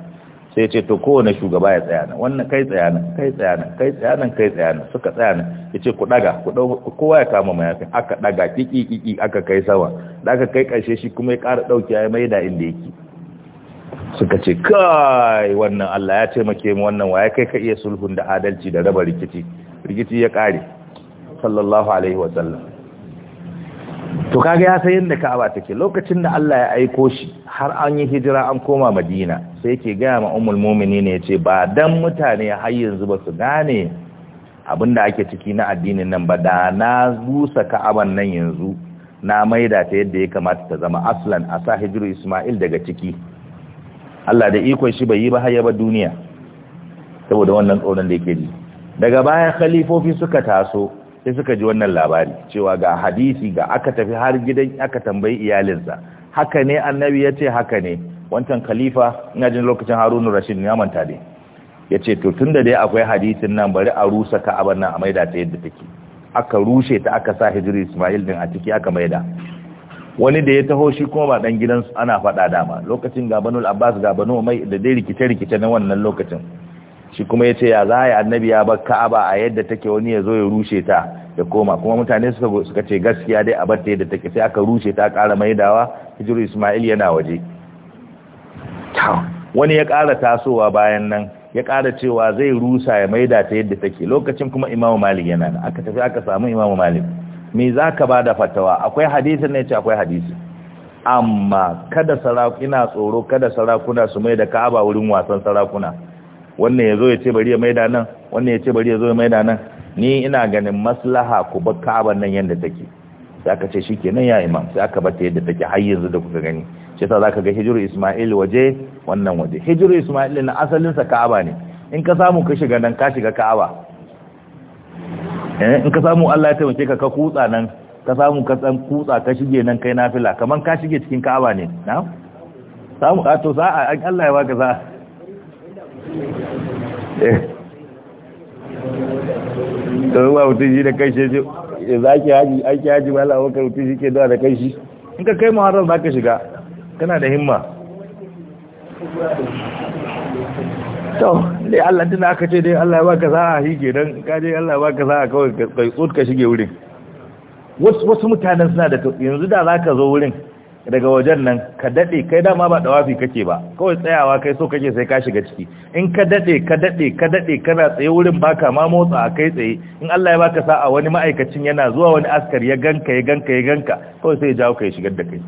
sai ce to kowane shugaba ya tsaya nan wannan kai tsaya nan kai tsaya nan kai tsaya nan kai tsaya nan suka tsaya nan ya ce ku daga ku kowa ya kama mayafin aka daga kiki kiki aka kai sama da aka kai karshe shi kuma ya ƙara dauki ya maida inda yake suka ce kai wannan Allah ya taimake mu wannan ya kai ka iya sulhun da adalci da raba rikici rikici ya ƙare sallallahu alaihi wa sallam to kaga ya san yadda Ka'aba take lokacin da Allah ya aiko shi har an yi hijira an koma Madina sai yake ga ma ne ya ce ba dan mutane har yanzu ba su gane abinda ake ciki na addinin nan ba da na zusa Ka'aban nan yanzu na maida ta yadda ya kamata ta zama aslan a sa hijiru Isma'il daga ciki Allah da ikon shi bai yi ba hayya ba duniya saboda wannan tsoron da yake ji daga baya khalifofi suka taso sai suka ji wannan labari cewa ga hadisi ga aka tafi har gidan aka tambayi iyalinsa haka ne annabi ya ce haka ne wancan khalifa ina jin lokacin harunu rashid ya manta ne ya ce to tunda dai akwai hadisin nan bari a rusa abin nan a maida ta yadda take aka rushe ta aka sa hijiri ismail din a ciki aka maida wani da ya taho shi kuma ba dan gidansu ana faɗa dama lokacin ga abbas ga banu mai da dai rikice-rikice na wannan lokacin shi kuma yace ya za yi annabi ya bar ka'aba a yadda take wani ya zo ya rushe ta ya koma kuma mutane suka ce gaskiya dai a batta yadda take sai aka rushe ta kara maidawa hijiru isma'il yana waje wani ya kara tasowa bayan nan ya kara cewa zai rusa ya maida ta yadda take lokacin kuma imamu malik yana nan aka tafi aka samu imamu malik me za ka ba da fatawa akwai hadisi ne ce akwai hadisi amma kada sarakuna tsoro kada sarakuna su mai da ka'aba wurin wasan sarakuna wannan ya zo ya ce bari ya maida nan wannan ya ce bari ya zo ya maida nan ni ina ganin maslaha ku ba ka'abar nan yadda take sai aka ce shi kenan ya imam sai aka bata yadda take har yanzu da kuka gani shi yasa zaka ga hijiru isma'il waje wannan waje hijiru isma'il na asalin sa ka'aba ne in ka samu ka shiga nan ka shiga ka'aba eh in ka samu Allah ya taimake ka ka kutsa nan ka samu ka san kutsa ka shige nan kai nafila kaman ka shige cikin ka'aba ne na samu a to sa'a Allah ya baka a da eh. zuwa mutum shi da kai shi ya za ki haji aiki haji ba lawa ka mutum shi ke zuwa da kai shi in ka kai muharram za ka shiga kana da himma to dai Allah da aka ce dai Allah ya baka sa'a shi ke don kaje Allah ya baka sa'a kawai kai ka shige wurin wasu mutanen suna da yanzu da za ka zo wurin daga wajen nan ka dade kai dama ba dawafi kake ba kawai tsayawa kai so kake sai ka shiga ciki in ka dade ka dade ka dade kana tsaye wurin baka ma motsa a kai tsaye in Allah ya baka sa'a wani ma'aikacin yana zuwa wani askar ya ganka ya ganka ya ganka kawai sai ya jawo ka ya shigar da kai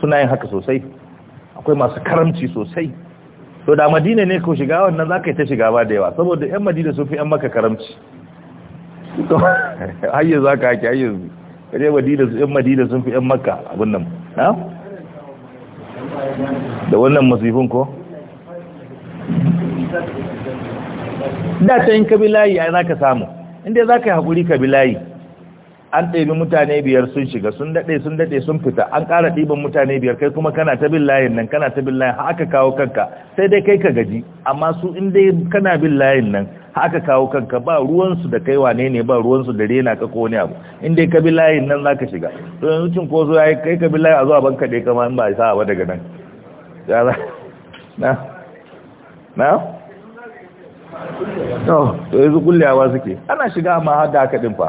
suna yin haka sosai akwai masu karamci sosai to da madina ne ko shiga wannan za ka yi ta shiga ba da yawa saboda yan madina sun fi yan maka karamci to hayyar za ka haki hayyar kaje madina yan madina sun fi yan maka abin nan da wannan masifin ko da ta yin kabilayi a za ka samu inda za ka yi haƙuri kabilayi an ɗabi mutane biyar sun shiga sun daɗe sun daɗe sun fita an ƙara ɗiban mutane biyar kai kuma kana ta bin layin nan kana ta bin layin haka kawo kanka sai dai kai ka gaji amma su in kana bin layin nan haka kawo kanka ba ruwansu da kai wane ne ba ruwansu da rena ka ko wani abu Inda dai ka bi layin nan za ka shiga to yanzu cin ko zo ya kai ka bi layin a zuwa banka dai kama in ba a sa'a ba daga nan na na to yanzu kullewa suke ana shiga amma har da haka din fa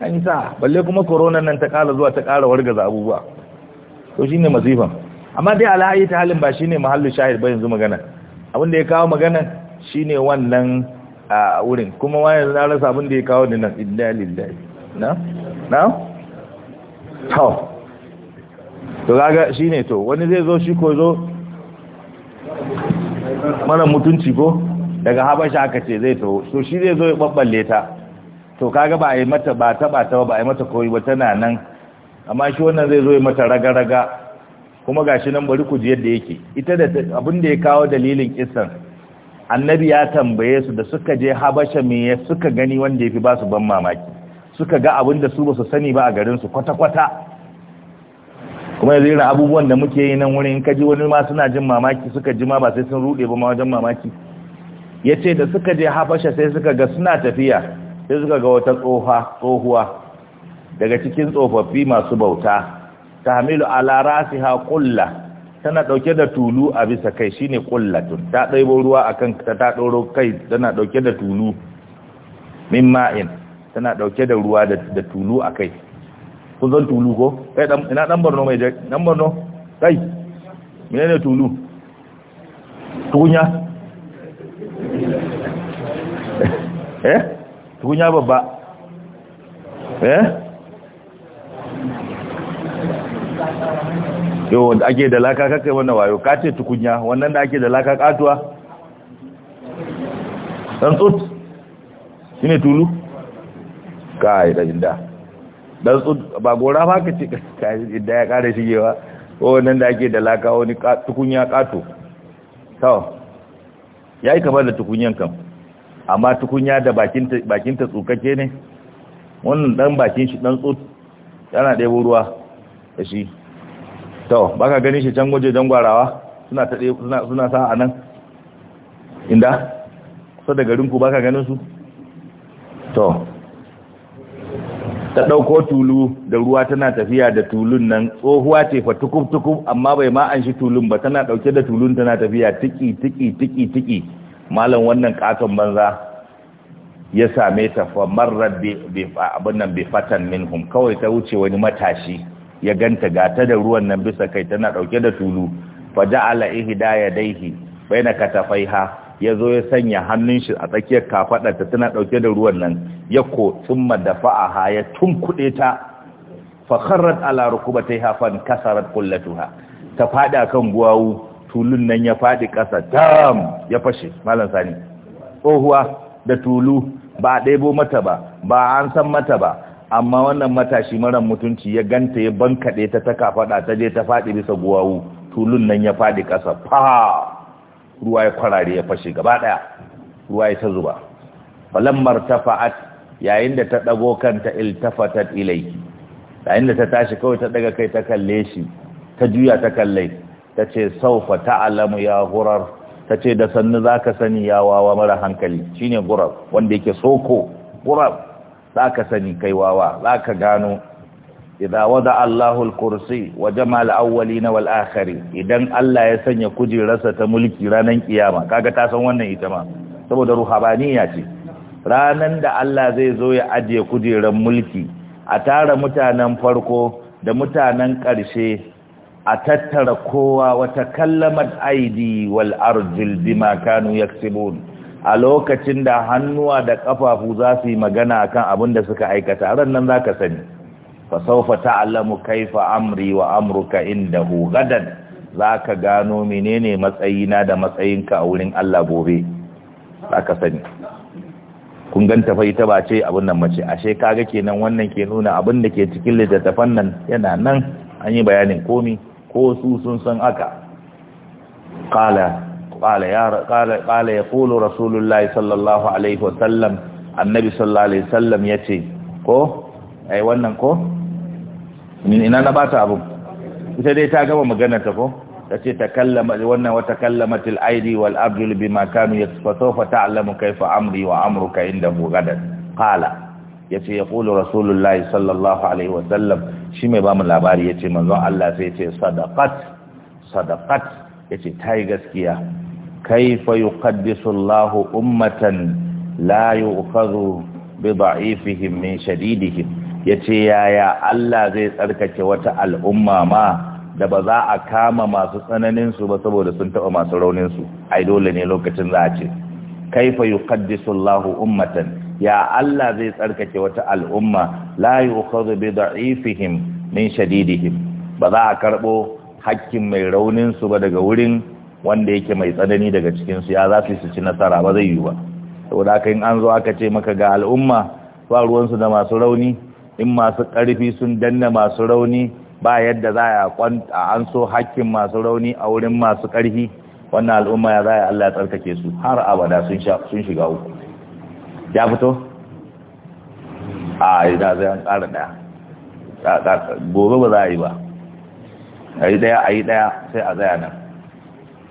an yi sa balle kuma corona nan ta kala zuwa ta kara wargaza abubuwa to shine masifan amma dai alhayi ta halin ba shine mahallu shahid ba yanzu magana abin da ya kawo magana shine wannan a wurin kuma wani na rasa abin da ya kawo ni nan lilla lillahi na na to to shi ne to wani zai zo shi ko zo mara mutunci ko daga habasha aka ce zai taho so shi zai zo ya babballe ta to kaga ba a yi mata ba ta ba ta ba a yi mata koyi ba tana nan amma shi wannan zai zo ya mata raga-raga kuma gashi nan bari ku ji yadda yake ita da abin da ya kawo dalilin kisan annabi ya tambaye su da suka je habasha me ya suka gani wanda ya fi ba su ban mamaki suka ga abin da su ba su sani ba a garinsu kwata-kwata kuma yanzu irin abubuwan da muke yi nan wurin kaji wani ma suna jin mamaki suka ji ba sai sun rude ba ma wajen mamaki ya ce da suka je habasha sai suka ga suna tafiya sai suka ga wata tsoha tsohuwa daga cikin tsofaffi masu bauta ta hamilu ala rasiha kulla tana dauke da tulu a bisa kai shine qullatun ta daibo ruwa akan ta ta doro kai tana dauke da tulu min ma'in tana dauke da ruwa da tulu a kai kun zan tulu ko kai eh, dan ina dan barno mai dan barno kai menene tulu tukunya eh tukunya babba eh yau wanda ake da laka kakai wannan wayo kace tukunya wannan da ake da laka katuwa dan tsut shi ne tulu kai da inda dan tsut ba gora ba ka ce inda ya kare shigewa ko wannan da ake da laka wani tukunya kato to ya yi kamar da tukunyan kan amma tukunya da bakinta tsukake ne wannan dan bakin shi dan tsut yana ɗebo ruwa shi to ba ka gani shi can waje don gwarawa suna ta sa a nan inda kusa da garinku ba ka ganin su to ta ɗauko tulu da ruwa tana tafiya da tulun nan tsohuwa ce fa tukub-tukub amma bai ma an shi tulun ba tana ɗauke da tulun tana tafiya tiki-tiki-tiki-tiki malam wannan ƙaton banza ya same ta fa marar abin nan bai fatan minhum kawai ta wuce wani matashi ya ganta gata da ruwan nan bisa kai tana dauke da tulu fa ja'ala ihdaya daihi baina katafaiha yazo ya sanya hannun shi a tsakiyar kafadar ta tana dauke da ruwan nan ya ko tsumma da fa'aha ya tunkude ta fa kharrat ala rukubataiha fa kasarat kullatuha ta fadi kan guwawu tulun nan ya fadi kasa tam ya fashe malam sani tsohuwa da tulu ba ɗebo mata ba ba an san mata ba amma wannan matashi mara mutunci ya ganta ya kaɗe ta ta kafada ta je ta faɗi bisa guwawu tulun nan ya faɗi ƙasa fa ruwa ya kwarare ya fashe gaba ɗaya ruwa ya ta zuba falammar martafaat yayin da ta ɗago kanta iltafatat ilai yayin da ta tashi kawai ta ɗaga kai ta kalle shi ta juya ta kalle ta ce saufa ta'lamu ya gurar ta ce da sannu zaka sani ya wawa mara hankali shine gurar wanda yake soko gurar za ka sani kai wawa za ka gano idan wada Allahu kursi wa jama'al al wal akhirin idan Allah ya sanya kujerarsa ta mulki ranan kiyama kaga ta san wannan ita ma saboda ruhabaniya ce ranan da Allah zai zo ya ajiye kujerar mulki a tara mutanen farko da mutanen ƙarshe a tattara kowa wata kallamat aidi wal arjul bima kanu yaksibun a lokacin da hannuwa da kafafu za su yi magana a kan abin da suka aikata ran nan za ka sani fa sawfa kaifa amri wa amruka hu gadan ka gano menene matsayina da matsayinka a wurin Allah gobe Za ka sani kun ganta fa ita ba ce abin nan mace ashe kaga kenan wannan ke nuna abin da ke cikin littattafan nan yana nan an yi bayanin komi ko su sun san aka qala قال يا قال قال يقول رسول الله صلى الله عليه وسلم النبي صلى الله عليه وسلم yace ko ai wannan ko ina na bata abu ita dai ta gaba maganar ta ko tace takallama wannan wa takallamatil aidi wal abdul bima kanu yasfatu fa ta'lamu kayfa amri wa amruka indahu gadan qala yace yaqulu rasulullahi sallallahu alaihi wasallam shi mai ba mu labari yace manzon Allah sai yace sadaqat sadaqat yace tayi gaskiya kaifa yuqaddisu Allahu ummatan la yu'khadhu bi da'ifihim min yace yaya Allah zai tsarkake wata al'umma ma da ba za a kama masu tsananin su ba saboda sun taɓa masu raunin su ai dole ne lokacin za a ce kaifa yuqaddisu Allahu ummatan ya Allah zai tsarkake wata al'umma la yukhadhu bi da'ifihim min shadidihim ba za a karbo hakkin mai rauninsu ba daga wurin wanda yake mai tsanani daga cikinsu ya za su su ci nasara ba zai yi ba saboda haka an zo aka ce maka ga al'umma ba ruwansu da masu rauni in masu ƙarfi sun danna masu rauni ba yadda za a an so hakkin masu rauni a wurin masu ƙarfi wannan al'umma ya za a Allah ya tsarkake su har abada sun shiga uku ya fito? a yi zai an ƙara ɗaya gobe ba za a yi ba a yi ɗaya a sai a zaya nan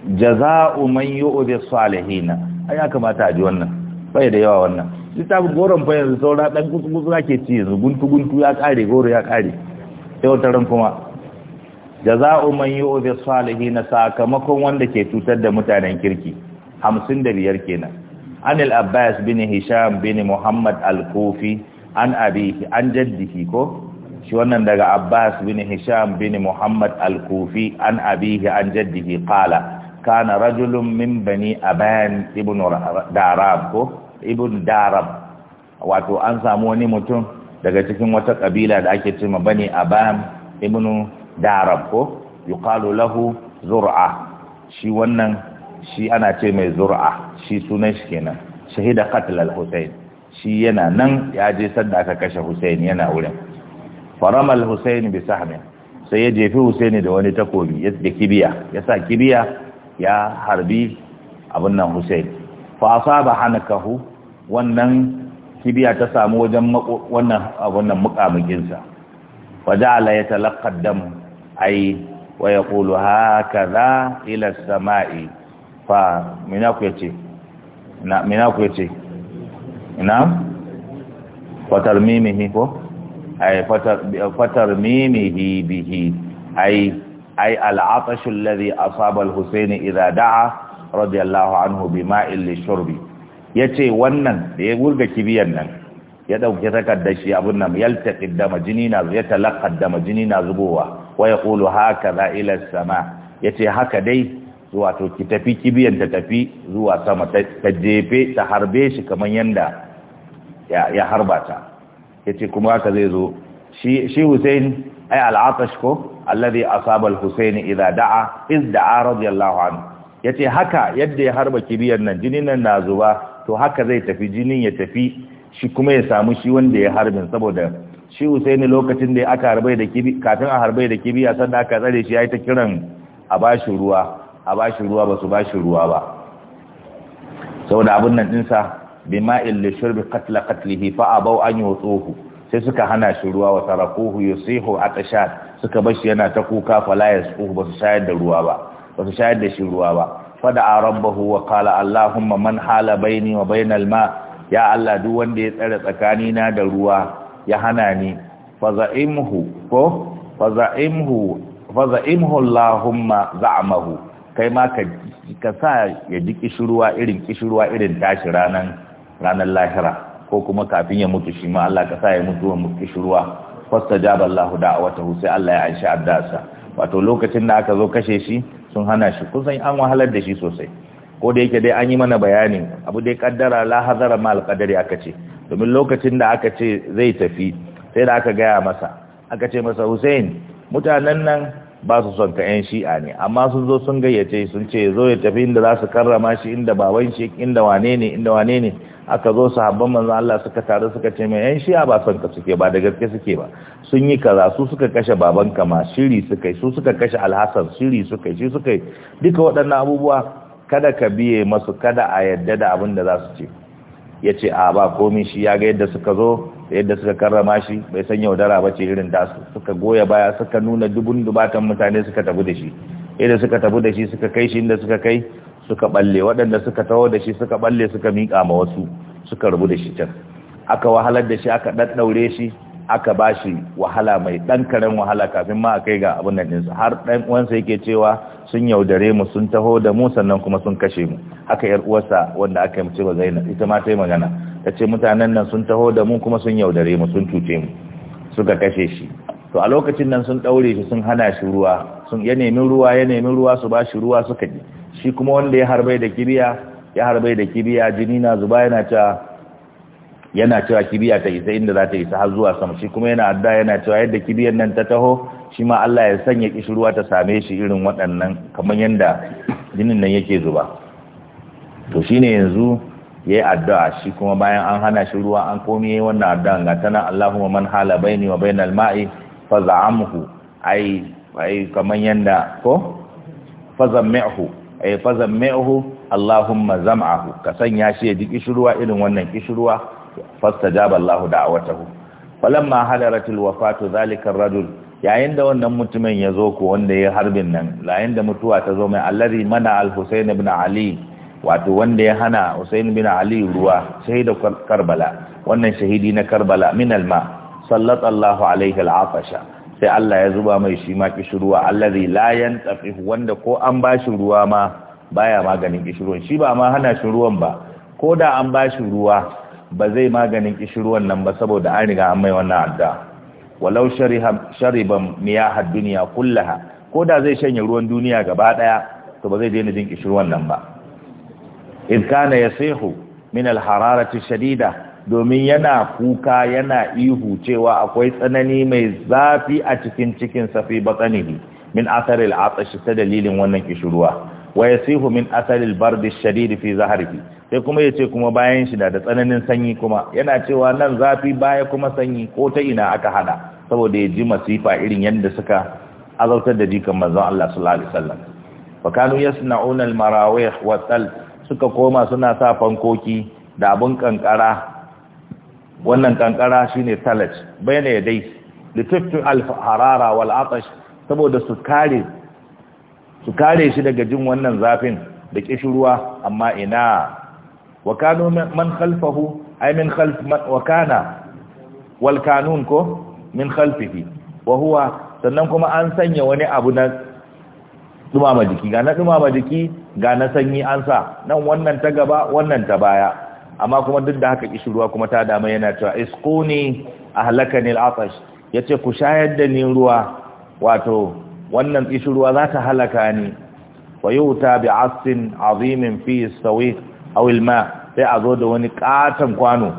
jaza'u man yu'bi salihin ai ya kamata a ji wannan bai da yawa wannan littafin goron fa yanzu saura dan kusukusu ake ci yanzu guntu guntu ya kare goro ya kare yau taron kuma jaza'u man yu'bi salihin sakamakon wanda ke cutar da mutanen kirki 55 kenan anil abbas bin hisham bin muhammad al-kufi an abihi an jaddihi ko shi wannan daga abbas bin hisham bin muhammad al-kufi an abihi an jaddihi qala kana rajulun min bani aban ibn darab ko ibn darab wato an samu wani mutum daga cikin wata kabila da ake cewa bani aban ibn darab ko yuqalu lahu zur'a shi wannan shi ana ce mai zur'a shi sunan shi kenan shahida qatl al-husayn shi yana nan ya je sanda aka kashe husayn yana wurin faramal husayn bi sahmin sai ya jefi husayn da wani takobi ya kibiya ya sa kibiya ya harbi abin nan Hussein fa asaba hanakahu wannan kibiya ta samu wajen wannan abin nan mukamukin sa fa ja'ala yatalaqqa dam ay wa yaqulu hakaza ila samai fa mina ku yace na mina ku yace ina Fatar tarmimihi ko fatar mimihi bihi Ai. ai al'atashu alladhi asaba al-husayn idza da'a radiyallahu anhu bima'in shurbi yace wannan da ya gurga kibiyan nan ya dauke takardar shi abun nan yaltaqi dama jini na ya talaqqa dama jini na zubowa wa yaqulu hakaza ila as-sama yace haka dai zuwa to ki tafi kibiyan ta tafi zuwa sama ta jefe ta harbe shi kamar yanda ya harbata ta yace kuma haka zai zo shi Husaini. ay al'atash ko alladhi asaba al-husayn idha da'a iz da'a radiyallahu anhu yace haka yadda ya harba kibiyar nan jinin nan na zuba to haka zai tafi jinin ya tafi shi kuma ya samu shi wanda ya harbin saboda shi Husaini lokacin da aka harbai da kibi kafin a harbai da san da aka tsare shi ta kiran a bashi ruwa a bashi ruwa ba su bashi ruwa ba saboda abin nan dinsa bima'il li shurbi qatla qatlihi fa abau an yutuhu sai suka hana shi ruwa wa tarakuhu yusihu atashat suka bashi yana ta kuka fala yasuhu ba su shayar da ruwa ba ba shayar da shi ruwa ba fada rabbahu wa qala allahumma man hala baini wa bainal ma ya allah duk wanda ya tsare tsakani na da ruwa ya hana ni faza'imhu ko faza'imhu faza'imhu allahumma za'amahu kai ma ka ka sa ya ji kishirwa irin kishirwa irin tashi ranan ranan lahira ko kuma kafin ya mutu shi ma Allah ka sa ya mutu wa mutu shirwa fastajaba Allahu da'awatahu sai Allah ya aishi addasa wato lokacin da aka zo kashe shi sun hana shi kusan an wahalar da shi sosai ko da yake dai an yi mana bayani abu dai kaddara la hazara ma alqadari aka ce domin lokacin da aka ce zai tafi sai da aka gaya masa aka ce masa Hussein mutanen nan ba su son ka yan shi'a ne amma sun zo sun gayyace sun ce zo ya tafi inda za su karrama shi inda baban shi inda wane ne inda wane ne aka zo sahabban manzon Allah suka taru suka ce mai yan shi'a ba son ka suke ba da gaske suke ba sun yi kaza su suka kashe baban ma shiri suka su suka kashe alhassan shiri suka shi suka duka waɗannan abubuwa kada ka biye masu kada a yadda da abin da za su ce ya ce a ba komi shi ya ga yadda suka zo da yadda suka karrama shi bai san yaudara ba ce irin da suka goya baya suka nuna dubun dubatan mutane suka tafi da shi yadda suka tafi da shi suka kai shi inda suka kai suka balle waɗanda suka taho da shi suka balle suka miƙa ma wasu suka rubu da shi can aka wahalar da shi aka ɗaɗɗaure shi aka ba shi wahala mai ɗan karen wahala kafin ma a kai ga abin nan har ɗan uwansa yake cewa sun yaudare mu sun taho da mu sannan kuma sun kashe mu haka yar uwarsa wanda aka yi ba zainab ita ma ta yi magana ta ce mutanen nan sun taho da mu kuma sun yaudare mu sun cuce mu suka kashe shi to a lokacin nan sun ɗaure shi sun hana shi ruwa sun ya nemi ruwa ya nemi ruwa su ba shi ruwa suka ji shi kuma wanda ya harbai da kibiya ya harbai da kibiya jini na zuba yana cewa yana cewa kibiya ta isa inda za ta isa har zuwa sama shi kuma yana adda yana cewa yadda kibiyan nan ta taho shi ma Allah ya sanya kishirwa ta same shi irin waɗannan kamar yadda jinin nan yake zuba to shine yanzu ya yi addu'a shi kuma bayan an hana shi ruwa an komi ya yi wannan addu'an ga tana Allahumma man hala baini wa bainal ma'i fa za'amhu ai ai kamar yanda ko fa zammihu ay fazammehu Allahumma zam'ahu ka sanya shi ya ji kishirwa irin wannan kishirwa fastajaba Allahu da'watahu falamma halaratil wafatu zalika ar-rajul yayin da wannan mutumin ya zo ko wanda ya harbin nan yayin da mutuwa ta zo mai allazi mana al-Husayn ibn Ali wato wanda ya hana Husayn ibn Ali ruwa shahida Karbala wannan shahidi na Karbala min al-ma sallallahu alaihi al-afasha sai Allah ya zuba mai shi ma Allah zai layan yantafih wanda ko an bashi ruwa ma baya maganin kishirwan shi ba ma hana shi ruwan ba ko da an bashi ruwa ba zai maganin kishirwan nan ba saboda an riga an mai wannan adda walau shariban har duniya kullaha ko da zai shanye ruwan duniya gaba daya to ba zai daina jin ruwan nan ba idh kana yasihu min al-hararati shadida domin yana kuka yana ihu cewa akwai tsanani mai zafi a cikin cikin safi batsanihi min asaril atashi ta dalilin wannan kishirwa wa yasihu min asaril bardi shadid fi zahrihi sai kuma ya ce kuma bayan shi da tsananin sanyi kuma yana cewa nan zafi baya kuma sanyi ko ta ina aka hada saboda ya ji masifa irin yadda suka azautar da jikan manzon Allah sallallahu alaihi wasallam fa kanu yasna'una suka koma suna sa fankoki da abun kankara wannan kankara shi ne talaj bayna ya dai al alharara wal atash saboda su kare shi daga jin wannan zafin da kishruwa amma ina wa kanu man khalfahu ai min khalf wa kana wal kanun ko min khalfihi wa huwa sannan kuma an sanya wani abu na dumama jiki ga na dumama jiki ga na sanyi an sa nan wannan ta gaba wannan ta baya amma kuma duk da haka kishirwa kuma ta dama yana cewa isquni ahlakani al-atash yace ku shayar da ni ruwa wato wannan kishirwa za ta halaka ni wa yuta bi asin azimin fi sawiq aw al sai a zo da wani katan kwano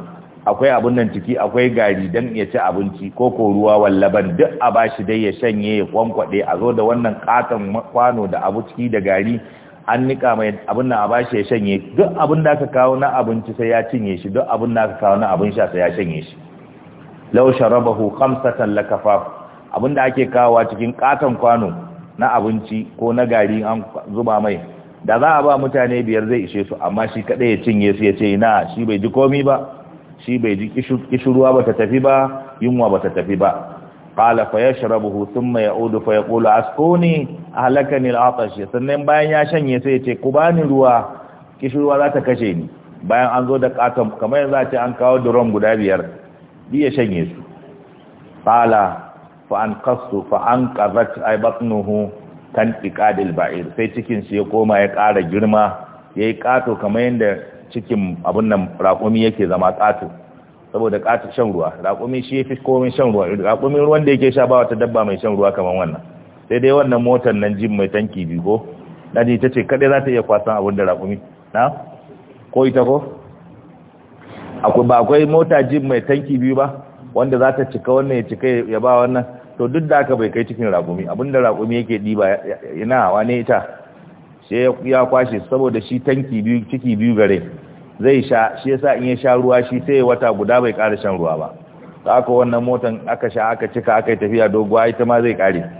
akwai abun nan ciki akwai gari dan ya ci abinci ko ko ruwa wallaban duk a bashi dai ya shanye ya kwankwade a zo da wannan katan kwano da abu ciki da gari an nika mai abin nan a bashi ya shanye duk abin da aka kawo na abinci sai ya cinye shi duk abin da aka kawo na abin sha sai ya shanye shi law sharabahu khamsatan lakafaf abin da ake kawowa cikin katon kwano na abinci ko na gari an zuba mai da za a ba mutane biyar zai ishe su amma shi kadai ya cinye su ya ce na shi bai ji komi ba shi bai ji kishuruwa ba ta tafi ba yunwa ba ta tafi ba qala fa yashrabuhu thumma ya'udu fa yaqulu asquni ahlakani al sannan bayan ya shanye sai yace ku bani ruwa kishirwa za ta kashe ni bayan an zo da katon kamar yanzu a ce an kawo duron guda biyar ya shanye su qala fa an qastu fa an qazat kan tiqadil ba'ir sai cikin shi ya koma ya kara girma yayi kato kamar yanda cikin abun nan raƙumi yake zama kato saboda ƙata shan ruwa raƙumi shi ya fi komin shan ruwa Raƙumi ruwan da yake sha ba wata dabba mai shan ruwa kamar wannan sai dai wannan motar nan jin mai tanki biyu ko na ji ta ce kaɗai za ta iya kwasan abin da raƙumi na ko ita ko Akwai ba akwai mota jin mai tanki biyu ba wanda za ta cika wannan ya cika ya ba wannan to duk da aka bai kai cikin raƙumi abin da raƙumi yake ɗiba ina wane ita sai ya kwashe saboda shi tanki biyu ciki biyu gare zai sha shi yasa in ya sha ruwa shi sai wata guda bai ƙara shan ruwa ba da aka wannan motan aka sha aka cika aka yi tafiya doguwa ita ma zai ƙare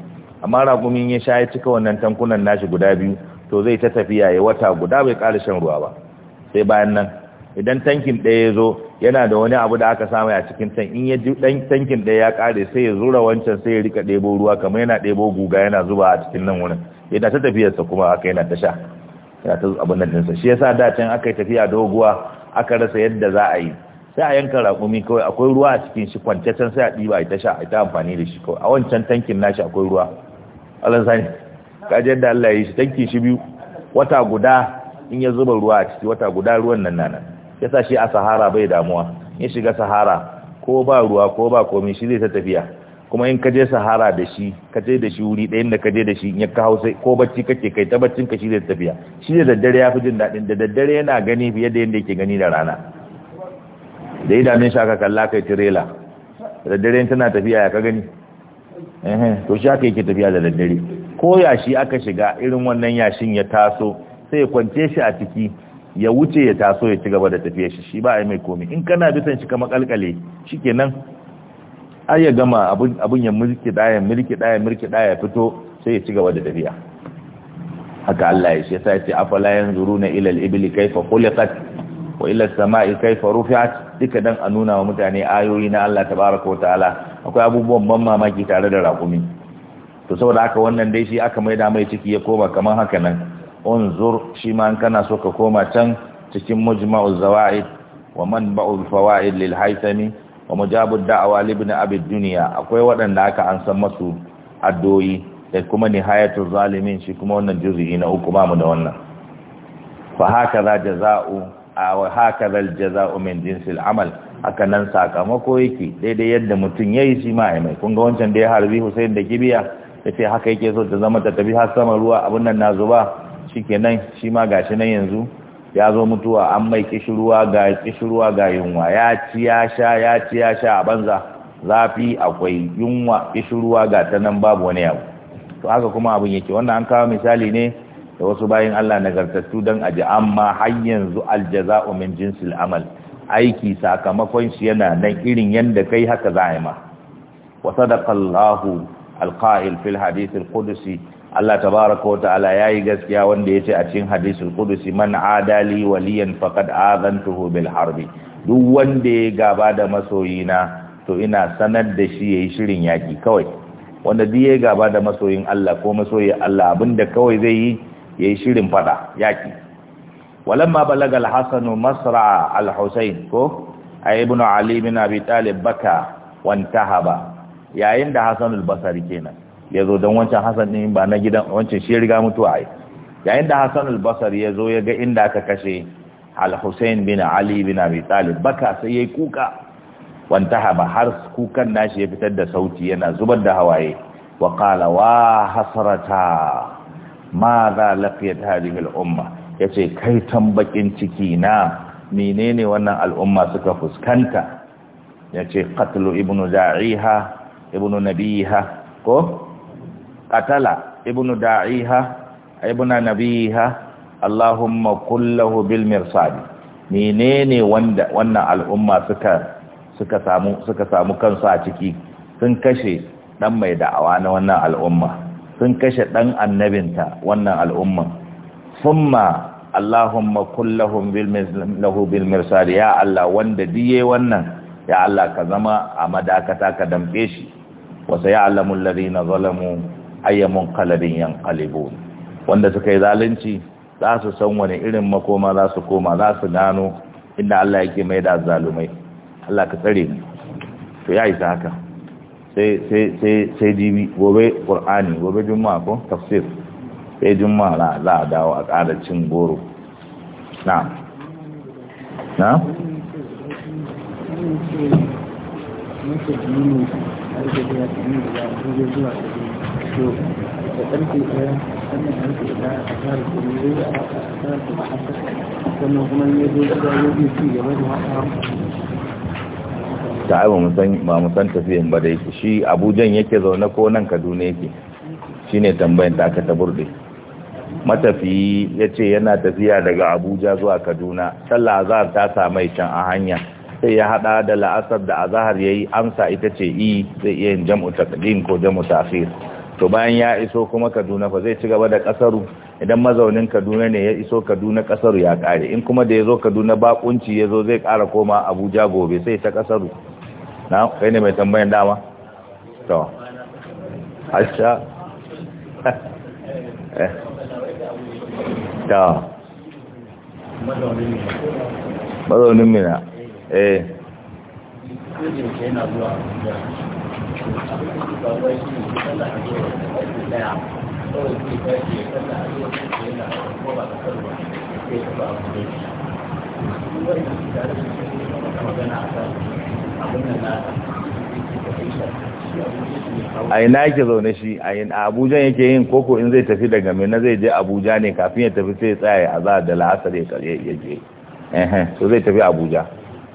amma ragumin ya sha ya cika wannan tankunan nashi guda biyu to zai ta tafiya ya wata guda bai ƙara shan ruwa ba sai bayan nan idan tankin ɗaya ya zo yana da wani abu da aka samu a cikin tan in ya ji ɗan tankin ɗaya ya ƙare sai ya zura wancan sai ya rika ɗebo ruwa kamar yana ɗebo guga yana zuba a cikin nan wurin yana ta tafiyarsa kuma haka yana ta sha ya ta abin nan dinsa shi yasa da can aka yi tafiya doguwa aka rasa yadda za a yi sai a yanka raƙumi kawai akwai ruwa a cikin shi kwance can sai a ɗiba ita sha ta amfani da shi kawai a wancan tankin nashi akwai ruwa alan sani kaji yadda Allah ya yi shi tankin shi biyu wata guda in ya zuba ruwa a ciki wata guda ruwan nan nan yasa shi a sahara bai damuwa in shiga sahara ko ba ruwa ko ba komai shi zai ta tafiya kuma in ka je sahara da shi ka da shi wuri ɗayan da ka je da shi in ya kawo sai ko bacci kake kai ta baccin ka shi da tafiya shi da daddare ya fi jin daɗin da daddare yana gani fiye da yadda yake gani da rana da idanun shi aka kalla kai tirela da daddare tana tafiya ya ka gani to shi aka yake tafiya da daddare ko yashi aka shiga irin wannan yashin ya taso sai ya kwance shi a ciki ya wuce ya taso ya ci gaba da tafiyar shi shi ba a mai komai in kana bisan shi ka makalkale shikenan ai ya gama abin ya mulki daya mulki daya mulki daya fito sai ya ci gaba da tafiya haka Allah ya sai ya ce afala yanzuruna ila al-ibli kayfa khuliqat wa ila as-sama'i kayfa rufi'at duka dan a nuna wa mutane ayoyi na Allah tabaaraka wa ta'ala akwai abubuwan ban mamaki tare da raƙumi to saboda haka wannan dai shi aka maida mai ciki ya koma kamar haka nan unzur shi ma kana so ka koma can cikin mujma'uz zawaid wa manba'uz fawaid lil haythami wa mujabud da'awa ibn abi duniya akwai wadanda aka an san masu addoyi da kuma nihayatul zalimin shi kuma wannan juz'i na uku ba mu da wannan fa hakaza jaza'u aw hakaza aljaza'u min jinsil amal aka nan sakamako yake daidai yadda mutum yayi shi ma mai kun ga wancan da ya harbi Hussein da gibiya yace haka yake so ta zama ta tabi har sama ruwa abun nan na zuba shikenan shi ma gashi nan yanzu ya zo mutuwa an mai kishirwa ga kishirwa ga yunwa ya ci ya sha ya ci ya sha a banza zafi akwai yunwa kishirwa ga ta nan babu wani abu to haka kuma abin yake wannan an kawo misali ne da wasu bayin Allah nagartattu don aji amma har yanzu aljaza'u min jinsil amal aiki sakamakon shi yana nan irin yanda kai haka za wa sadaqa Allahu alqa'il fil hadith Allah tabaraka wata'ala ta'ala yayi gaskiya wanda yace a cikin hadisul qudusi man adali waliyan faqad azantuhu bil harbi duk wanda ya gaba da masoyina to ina sanar da shi yayi shirin yaki kawai wanda duk ya gaba da masoyin Allah ko masoyin Allah abinda kawai zai yi yayi shirin fada yaki walamma balaga al-hasan masra al-husayn ko ay ibn ali bin abi talib baka wantahaba yayin da hasan al-basri kenan ya zo don wancan hasan din ba na gidan wancan shi riga mutuwa ai yayin da hasan al ya zo ya ga inda aka kashe al-husayn bin ali bin abi talib baka sai yayi kuka Wanta ba har kukan nashi ya fitar da sauti yana zubar da hawaye wa qala wa hasarata, ma za laqiyat hadhihi al ya yace kai tambakin ciki na menene wannan al'umma suka fuskanta yace katlo ibnu da'iha ibnu nabiha ko Katala, ibnu da'iha ibnu nabiha allahumma kullahu bil mirsad menene wanda wannan al'umma suka suka samu suka samu kansu a ciki sun kashe dan mai da'awa na wannan al'umma sun kashe dan annabinta wannan al'umma summa Allahumma kullahum bil lahu bil mirsad ya Allah wanda diye wannan ya Allah ka zama a madakata ka dambe shi wa sayalamu alladhina zalamu ayyamun kalabin yan kalibu wanda suka yi zalunci za su san wani irin makoma za su koma za su gano inda Allah yake mai da zalumai Allah ka tsare ni to ya isa haka sai sai sai sai dibi gobe qur'ani gobe juma'a ko tafsir sai juma'a la za a dawo a ƙara cin goro na na Thank you. to da ɗaya a kuma zai yi a kuma a sannan kuma gaba da ta ai ba mu san tafiyan ba da yake shi abujan yake zaune ko nan kaduna yake shine tambayin da aka taburɗe matafiyi ya ce yana tafiya daga abuja zuwa kaduna sallah azahar ta samai can a hanya sai ya hada da la'asar da azahar ya yi amsa ita ce i zai iya yin jam'u taqdim ko jam'u ta'khir to bayan ya iso kuma kaduna fa zai ci gaba da kasaru idan mazaunin kaduna ne ya iso kaduna kasaru ya kare in kuma da ya zo kaduna bakunci ya zo zai kara koma abuja gobe sai ta kasaru na kai ne mai tambayan dama to asha eh. ta mazaunin mina eh a yi na yake zaune shi a yi abuja yake yin koko in zai tafi daga mai na zai je abuja ne kafin ya tafi sai tsaye a za da la'asar ya karye ya je ehem so zai tafi abuja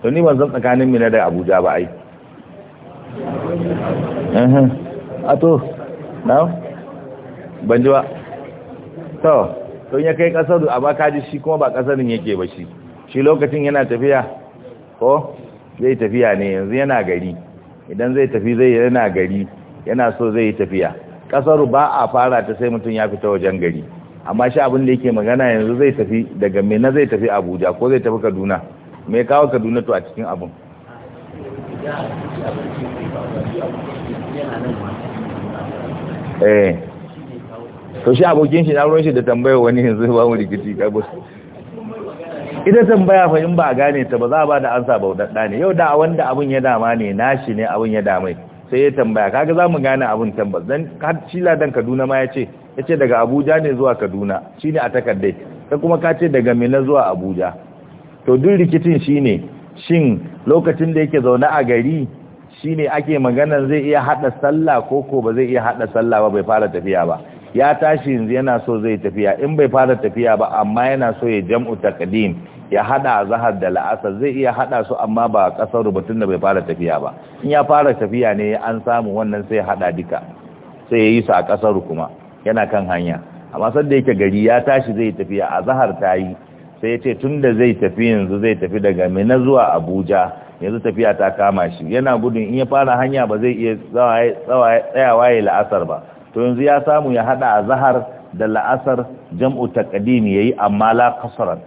to ni ban zan tsakanin mina da abuja ba ai ehem a to na ban ji ba to to ya kai kasar a ba kaji shi kuma ba din yake ba shi shi lokacin yana tafiya ko zai tafiya ne yanzu yana gari idan zai tafi zai yana gari yana so zai tafiya kasar ba a fara ta sai mutum ya fita wajen gari amma shi abin da yake magana yanzu zai tafi daga mena zai tafi abuja ko zai tafi kaduna Me kawo kaduna to a cikin abin eh to shi abokin shi na ruwan shi da tambaya wani yanzu ba mu rikici ka bus ita tambaya fa in ba gane ta ba za ba da ansa ba ne yau da wanda abun ya dama ne nashi ne abun ya damai sai ya tambaya kaga za mu gane abun tambas dan shi ladan Kaduna ma ya ce ya ce daga Abuja ne zuwa Kaduna shi ne a takardai sai kuma ka ce daga Mina zuwa Abuja to duk rikicin shine shin lokacin da yake zaune a gari ne ake maganar zai iya hada sallah ko ko ba zai iya hada sallah ba bai fara tafiya ba ya tashi yanzu yana so zai tafiya in bai fara tafiya ba amma yana so ya jam'u taqdim ya hada zahar da la'asa zai iya hada su amma ba kasar rubutun da bai fara tafiya ba in ya fara tafiya ne an samu wannan sai hada duka sai ya yi su a kasar kuma yana kan hanya amma sanda yake gari ya tashi zai tafiya a zahar ta yi sai ya ce tunda zai tafi yanzu zai tafi daga mina zuwa abuja yanzu tafiya ta kama shi yana gudun in ya fara hanya ba zai iya tsayawa ya la'asar ba to yanzu ya samu ya hada a zahar da la'asar jam'u ta ya yi amma la kasarar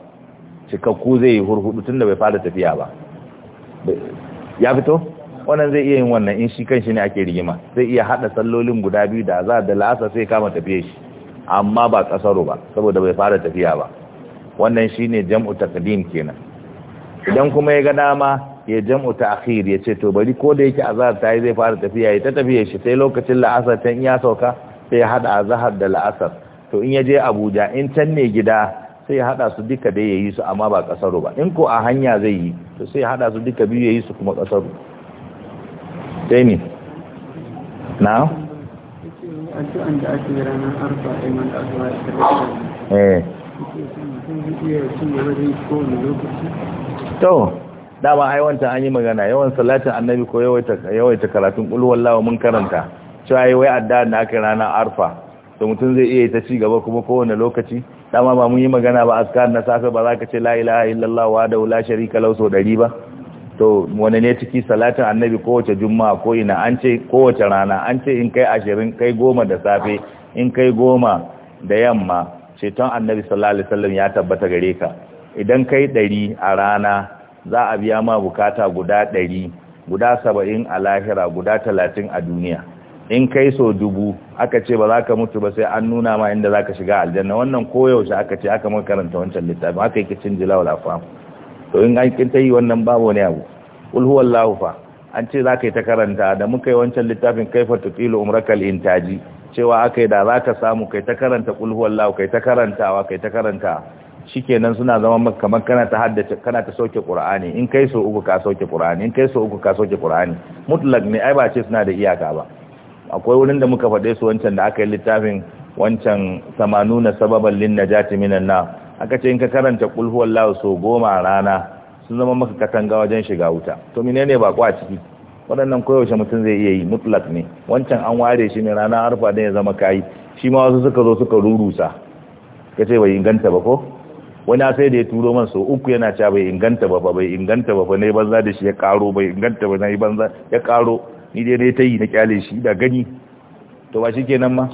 cikakku zai yi hurhudu da bai fara tafiya ba ya fito wannan zai iya yin wannan in shi kan shi ne ake rigima zai iya hada sallolin guda biyu da azahar da la'asar sai kama tafiya shi amma ba kasaro ba saboda bai fara tafiya ba wannan shi ne jam'u ta taqdim kenan idan kuma ya ga dama ya jam'u ta'khir ya ce to bari ko da yake azhar ta yi zai fara tafiya ya ta tafiya shi sai lokacin la'asar can ya sauka sai ya hada azhar da la'asar to in ya je Abuja in can ne gida sai ya hada su duka da yayi su amma ba kasaro ba in ko a hanya zai yi to sai ya hada su duka biyu yayi su kuma kasaro sai ne na addu'an da ake ranar arba iman da azhar eh to dama ai an yi magana yawan salatin annabi ko yawaita karatun kulwallah mun karanta cewa yi wai adda da aka rana arfa to mutum zai iya ta ci gaba kuma kowane lokaci dama ba mun yi magana ba aska na safe ba za ka ce la illallah wa da la sharika sau ɗari ba to wani ne ciki salatin annabi kowace juma'a ko ina an ce kowace rana an ce in kai ashirin kai goma da safe in kai goma da yamma ceton annabi sallallahu alaihi wasallam ya tabbata gare ka idan kai ɗari a rana za a biya ma bukata guda ɗari guda saba'in a lahira guda talatin a duniya in kai so dubu aka ce ba za ka mutu ba sai an nuna ma inda za ka shiga aljanna wannan koyaushe aka ce aka makaranta wancan littafin aka yi kicin jila wa lafa to in an kinta yi wannan babu ne, abu ulhuwan lahufa an ce za ka yi ta karanta da muka yi wancan littafin kaifa tuqilu umrakal intaji cewa aka yi da za ka samu kai ta karanta ulhuwan huwallahu kai ta karantawa kai ta karanta shikenan suna zama maka kamar kana ta sauke qur'ani in kai so uku ka sauke qur'ani in kai so uku ka sauke qur'ani mutlak ne ai ba ce suna da iyaka ba akwai wurin da muka faɗe su wancan da aka yi littafin wancan samanuna sababan lin najati minan na aka ce in ka karanta qul huwallahu so goma rana sun zama maka katanga wajen shiga wuta to menene ba kwa ciki waɗannan koyaushe mutum zai iya yi mutlak ne wancan an ware shi ne ranar arfa da ya zama kayi shi ma wasu suka zo suka rurusa kace bai inganta ba ko wani sai da ya turo man sau uku yana cewa bai inganta ba ba bai inganta ba ba ne banza da shi ya karo bai inganta ba na yi banza ya karo ni dai dai ta yi na kyale shi da gani to ba shi kenan ma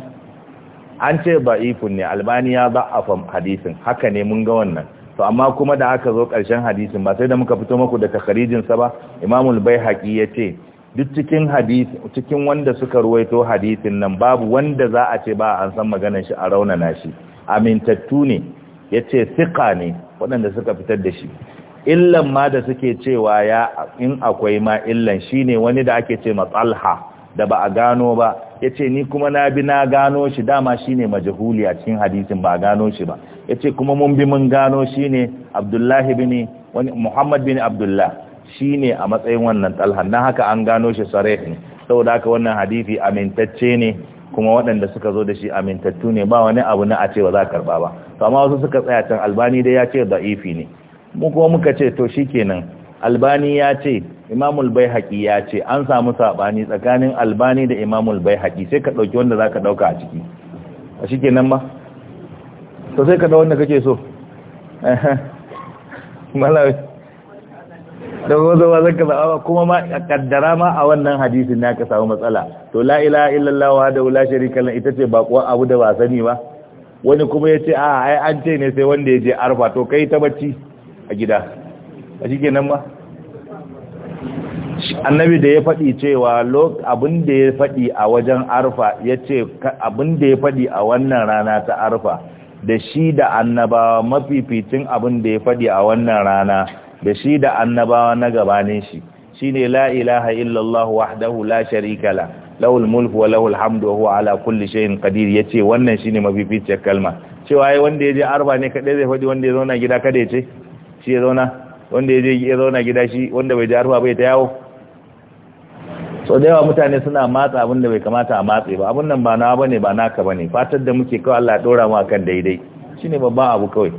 an ce ba ifun ne albaniya ba a fam hadisin haka ne mun ga wannan to amma kuma da aka zo karshen hadisin ba sai da muka fito maku da sa ba imamul bai haƙi ya ce duk cikin hadis cikin wanda suka ruwaito hadisin nan babu wanda za a ce ba an san maganar shi a raunana shi amintattu ne ya ce siƙa ne waɗanda suka fitar da shi illan ma da suke cewa ya in akwai ma illan shi ne wani da ake ce matsalha da ba a gano ba ya ce ni kuma na bi na gano shi dama shi ne majahuli a cikin hadisin ba a gano shi ba ya ce kuma mun bi mun gano shi ne abdullahi bin wani muhammad bin abdullah shi ne a matsayin wannan tsalhan na haka an gano shi sarai ne saboda haka wannan hadisi amintacce ne kuma waɗanda suka zo da shi amintattu ne ba wani abu na a ce ba za a karɓa ba to amma wasu suka tsaya can albani dai ya ce da'ifi ne mu kuma muka ce to shikenan albani ya ce imamul baihaqi ya ce an samu sabani tsakanin albani da imamul baihaqi sai ka dauki wanda zaka dauka a ciki a shikenan ma to sai ka da wanda kake so malawi da gozo ba zaka zaba kuma ma kaddara ma a wannan hadisin naka samu matsala to la ilaha illallah wahdahu la sharika lahu ita ce bakuwa abu da ba sani ba wani kuma yace a ai an ce ne sai wanda yaje arfa to kai ta bacci a gida a shikenan ma annabi da ya faɗi cewa abin da ya faɗi a wajen arfa ya ce abin da ya faɗi a wannan rana ta arfa da shi da annabawa mafificin abin da ya faɗi a wannan rana da shi da annabawa na gabanin shi shine la ilaha illallah wahdahu la sharika la Lawul mulku wa lahul hamdu wa huwa ala kulli shay'in qadir yace wannan shine mafificiyar kalma cewa ai wanda yaje arba ne kadai zai faɗi wanda ya zauna gida kada ya ce shi ya zauna wanda yaje ya zauna gida shi wanda bai je arba bai ta yawo so da yawa mutane suna matsa abin da bai kamata a matse ba abin nan ba na bane ba naka bane fatar da muke kawai Allah ya dora mu akan daidai shine babban abu kawai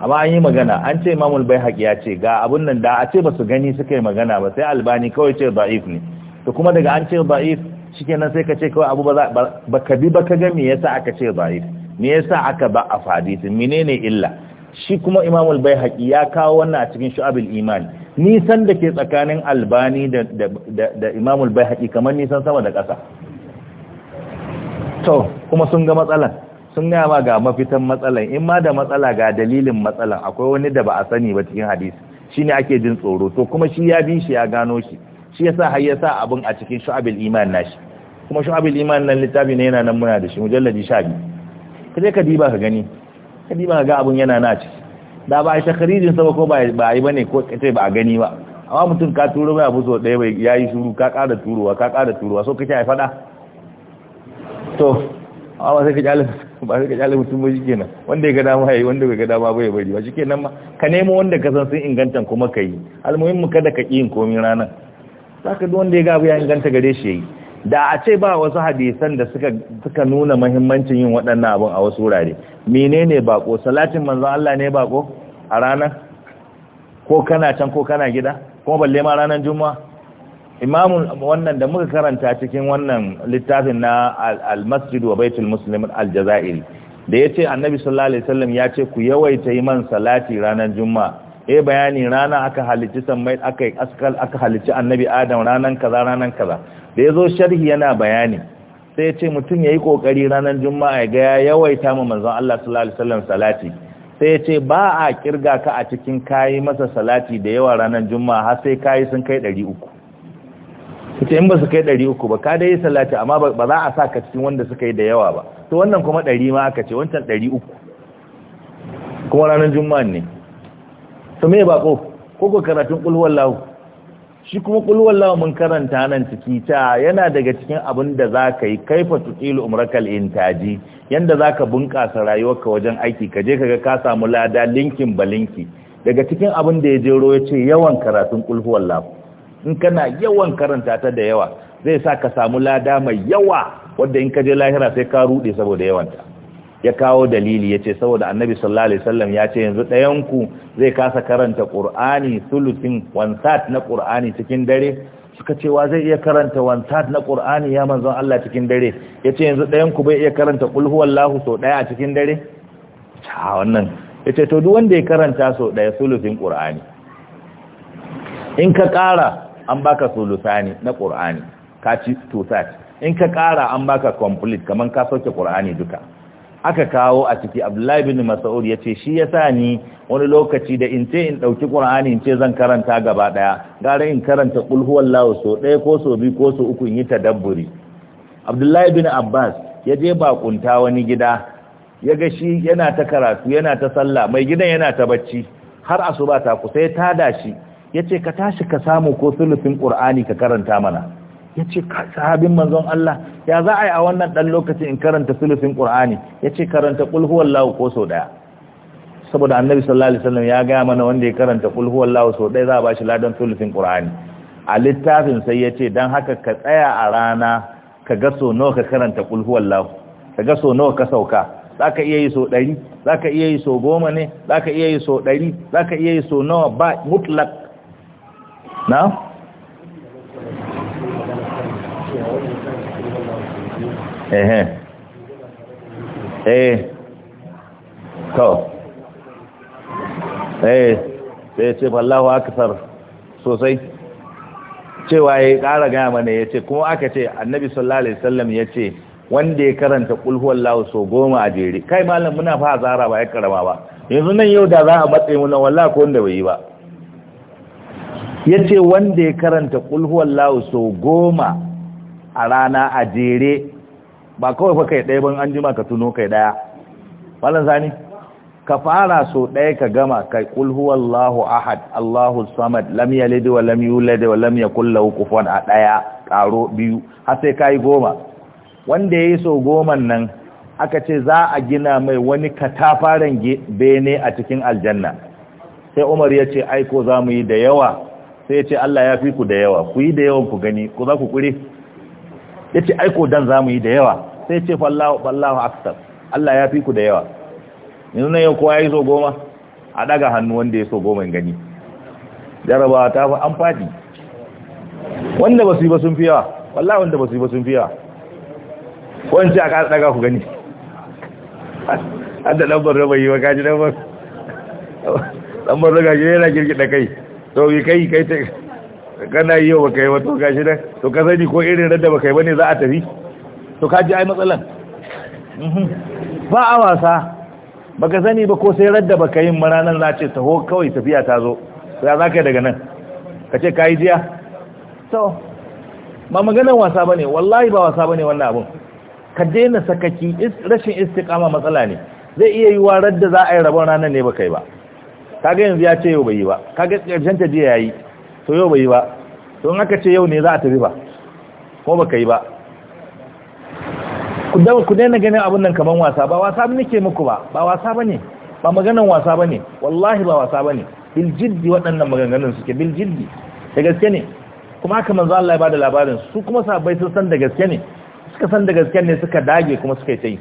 amma an yi magana an ce Imam al-Baihaqi ya ce ga abun nan da a ce ba su gani suka yi magana ba sai Albani kawai ce da'if ne to kuma daga an ce da'if cike nan sai ka ce kawai abu ba ka bi ba ka ga me yasa aka ce zahir me yasa aka ba a mine menene illa shi kuma imamul bai haƙi ya kawo wannan a cikin shu'abul iman nisan da ke tsakanin albani da da bai haƙi kamar nisan sama da ƙasa to kuma sun ga matsalan sun ga ma ga mafitan matsalan in ma da matsala ga dalilin matsalan akwai wani da ba a sani ba cikin hadisi shine ake jin tsoro to kuma shi ya bi shi ya gano shi shi yasa har yasa abun a cikin shu'abul iman nashi kuma shu'abul iman nan littafi ne yana nan muna da shi mujalladi 12 kaje ka diba ka gani ka diba ka ga abun yana na ciki da ba ai takhrijin sa ba ko ba a yi bane ko kace ba a gani ba amma mutum ka turo mai abu so ɗaya bai yayi shuru ka kada turowa ka kada turowa so kace ai fada to amma sai ka ji ba sai ka ji mutum mai bai nan wanda ya ga dama yayi wanda bai ga dama bai bari ba shikenan ma ka nemo wanda ka san sun inganta kuma kai almuhimmu kada ka ƙi yin komai ranan zaka duk wanda ya ga abu ya inganta gare shi yayi da a ce ba wasu hadisan da suka nuna mahimmancin yin waɗannan abin a wasu wurare menene bako salatin manzon Allah ne bako a ranar ko kana can ko kana gida kuma balle ma ranar juma'a imamu wannan da muka karanta cikin wannan littafin na al-masjid wa baitul muslim al-jazairi da yace annabi sallallahu alaihi wasallam ya ce ku yawaita yi man salati ranar juma'a eh bayani rana aka halicci sammai aka yi askal aka halicci annabi adam ranan kaza ranan kaza da ya zo sharhi yana bayani sai ya ce mutum ya yi ƙoƙari ranar juma'a ga ya yawaita ma manzon Allah sallallahu alaihi wasallam salati sai ya ce ba a kirga ka a cikin kayi masa salati da yawa ranar juma'a har sai kayi sun kai 300 kace in ba su kai ɗari uku ba ka dai salati amma ba za a sa ka cikin wanda suka yi da yawa ba to wannan kuma ɗari ma aka ce wancan ɗari uku kuma ranar juma'a ne su mai bako ko karatun kulhuwar lawo shi kuma kulhuwar lawo mun karanta nan ciki ta yana daga cikin abin da za ka yi kaifa tsilu umrakal intaji yadda za ka bunƙasa rayuwarka wajen aiki ka je kaga ka samu lada linkin ba linki daga cikin abin da ya jero ya ce yawan karatun kulhuwar lawo in kana yawan karanta ta da yawa zai sa ka samu lada mai yawa wadda in ka je lahira sai ka ruɗe saboda yawanta ya kawo dalili yace saboda annabi sallallahu alaihi wasallam ya ce yanzu ɗayanku zai kasa karanta qur'ani sulutin wansat na qur'ani cikin dare suka ce wa zai iya karanta wansat na qur'ani ya manzon Allah cikin dare yace yanzu ɗayanku bai iya karanta qul huwallahu sau ɗaya a cikin dare ta wannan yace to duk wanda ya karanta sau ɗaya sulutin qur'ani in ka ƙara an baka sulusani na qur'ani ka ci tusat in ka ƙara an baka complete kaman ka sauke qur'ani duka aka kawo a ciki abdullahi bin mas'ud ya ce shi ya sa ni wani lokaci da in ce in ɗauki ƙur'ani in ce zan karanta gaba ɗaya gara in karanta huwallahu so ɗaya ko so biyu ko so uku in yi tadabburi abdullahi bin abbas ya je bakunta wani gida ya ga shi yana ta karatu yana ta sallah mai gidan yana ta bacci har asuba ta kusa ya tada shi Yace ka tashi ka samu ko sulufin ƙur'ani ka karanta mana ya ce sahabin manzon Allah ya za a yi a wannan ɗan lokaci in karanta filifin ƙur'ani ya ce karanta ƙulhuwar lawo ko sau ɗaya saboda annabi sallallahu alaihi wasallam ya gaya mana wanda ya karanta ƙulhuwar lawo sau ɗaya za a ba shi ladan filifin ƙur'ani a littafin sai ya ce don haka ka tsaya a rana ka ga so nawa ka karanta ƙulhuwar lawo ka ga so nawa ka sauka za ka iya yi sau ɗari za ka iya yi sau goma ne za ka iya yi sau ɗari za ka iya yi sau nawa ba mutlak na ehe eh to eh sai ce fallahu akbar sosai cewa ya ƙara gaya mana ya ce kuma aka ce annabi sallallahu alaihi sallam ya ce wanda ya karanta kulhuwan lahu so goma a jere kai malam muna fa zara ba ya karama ba yanzu nan yau da za a matse mu wala ko wanda bai yi ba ya ce wanda ya karanta kulhuwan lahu so goma a rana a jere ba kawai fa kai ɗaya ban an jima ka tuno kai ɗaya malam sani ka fara so ɗaya ka gama kai kul huwallahu ahad allahu samad lam yalid wa lam yulad wa lam yakul lahu kufuwan a ɗaya karo biyu har sai kai goma wanda yayi so goman nan aka ce za a gina mai wani katafaren bene a cikin aljanna sai Umar ya ce aiko za mu yi da yawa sai ya ce Allah ya fi ku da yawa ku yi da yawan ku gani ku za ku kure ya ce aiko dan za mu yi da yawa sai ce fallawa aksar Allah ya fi ku da yawa yanzu nan yau kowa ya yi so goma a daga hannu wanda ya so goma in gani jarabawa ta fi an fadi wanda ba su yi ba sun fi yawa wanda ba su yi ba sun fi yawa ko in ce a kasa daga ku gani an da lambar raba yi wa kaji lambar lambar raba shi yana girgida kai to yi kai kai ta kana yi yau baka yi wato gashi nan to ka sani ko irin radda baka yi bane za a tafi to ka ji ai matsalan mhm. ba a wasa baka sani ba ko sai radda baka yin maranan na ce taho kawai tafiya ta zo ya za ka daga nan ka ce ka yi jiya to ba maganan wasa bane wallahi ba wasa bane wannan abun ka daina sakaki rashin istiqama matsala ne zai iya yi wa radda za a yi rabon ranar ne ba yi ba kaga yanzu ya ce yau bai yi ba kaga ƙarshen ta jiya yayi to yau bai yi ba don aka ce yau ne za a tafi ba ko baka yi ba ku dawo ku daina ganin abin nan kaman wasa ba wasa ba nake muku ba ba wasa bane ba maganan wasa bane wallahi ba wasa bane bil jiddi waɗannan maganganun suke bil jiddi da gaske ne kuma haka manzo Allah ya bada labarin su kuma sahabbai sun san da gaske ne suka san da gaske ne suka dage kuma suka yi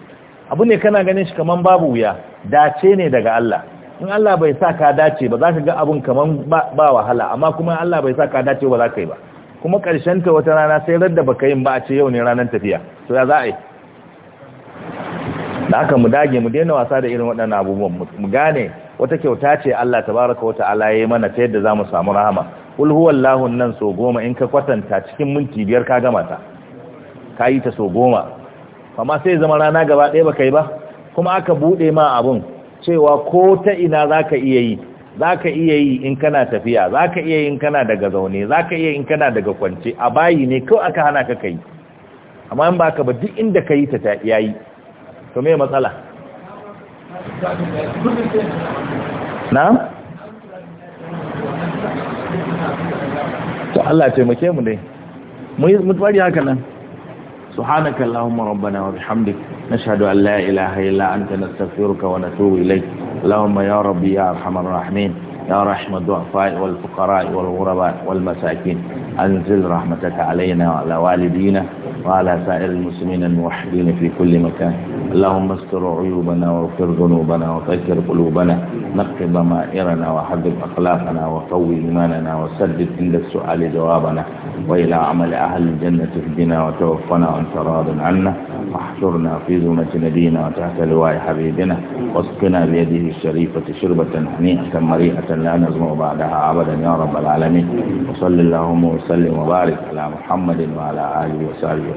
abun ne kana ganin shi kaman babu wuya dace ne daga Allah in Allah bai sa ka dace ba za ka ga abun kamar ba wahala amma kuma Allah bai sa ka dace ba za ka yi ba kuma karshen ta wata rana sai radda baka yin ba a ce yau ne ranar tafiya to ya za da aka mu dage mu daina wasa da irin waɗannan abubuwan mu gane wata kyauta ce Allah ta wa wata yayi mana ta yadda za mu samu rahama kul huwallahu nan so goma in ka kwatanta cikin minti biyar ka gama ta yi ta so goma amma sai zama rana gaba ɗaya baka yi ba kuma aka buɗe ma abun cewa ko ta ina zaka iya yi za ka iya yi in kana tafiya za ka iya yi in kana daga zaune za ka iya in kana daga kwance a bayi ne kawai aka hana ka kai amma in ba ka ba duk inda ka ta ta iya yi to me matsala na? to Allah taimake mu dai mu yi haka nan سبحانك اللهم ربنا وبحمدك نشهد أن لا إله إلا أنت نستغفرك ونتوب إليك اللهم يا ربي يا أرحم الراحمين يا رحم الضعفاء والفقراء والغرباء والمساكين أنزل رحمتك علينا وعلى والدينا وعلى سائر المسلمين الموحدين في كل مكان اللهم استر عيوبنا واغفر ذنوبنا وطهر قلوبنا نقي ضمائرنا وحبب أخلاقنا وقوي إيماننا وسدد عند السؤال جوابنا وإلى عمل أهل الجنة اهدنا وتوفنا وانت راض عنا واحشرنا في ذمة نبينا وتحت لواء حبيبنا واسقنا بيده الشريفة شربة هنيئة مريئة لا نزمع بعدها أبدا يا رب العالمين وصل اللهم وسلم وبارك على محمد وعلى آله وصحبه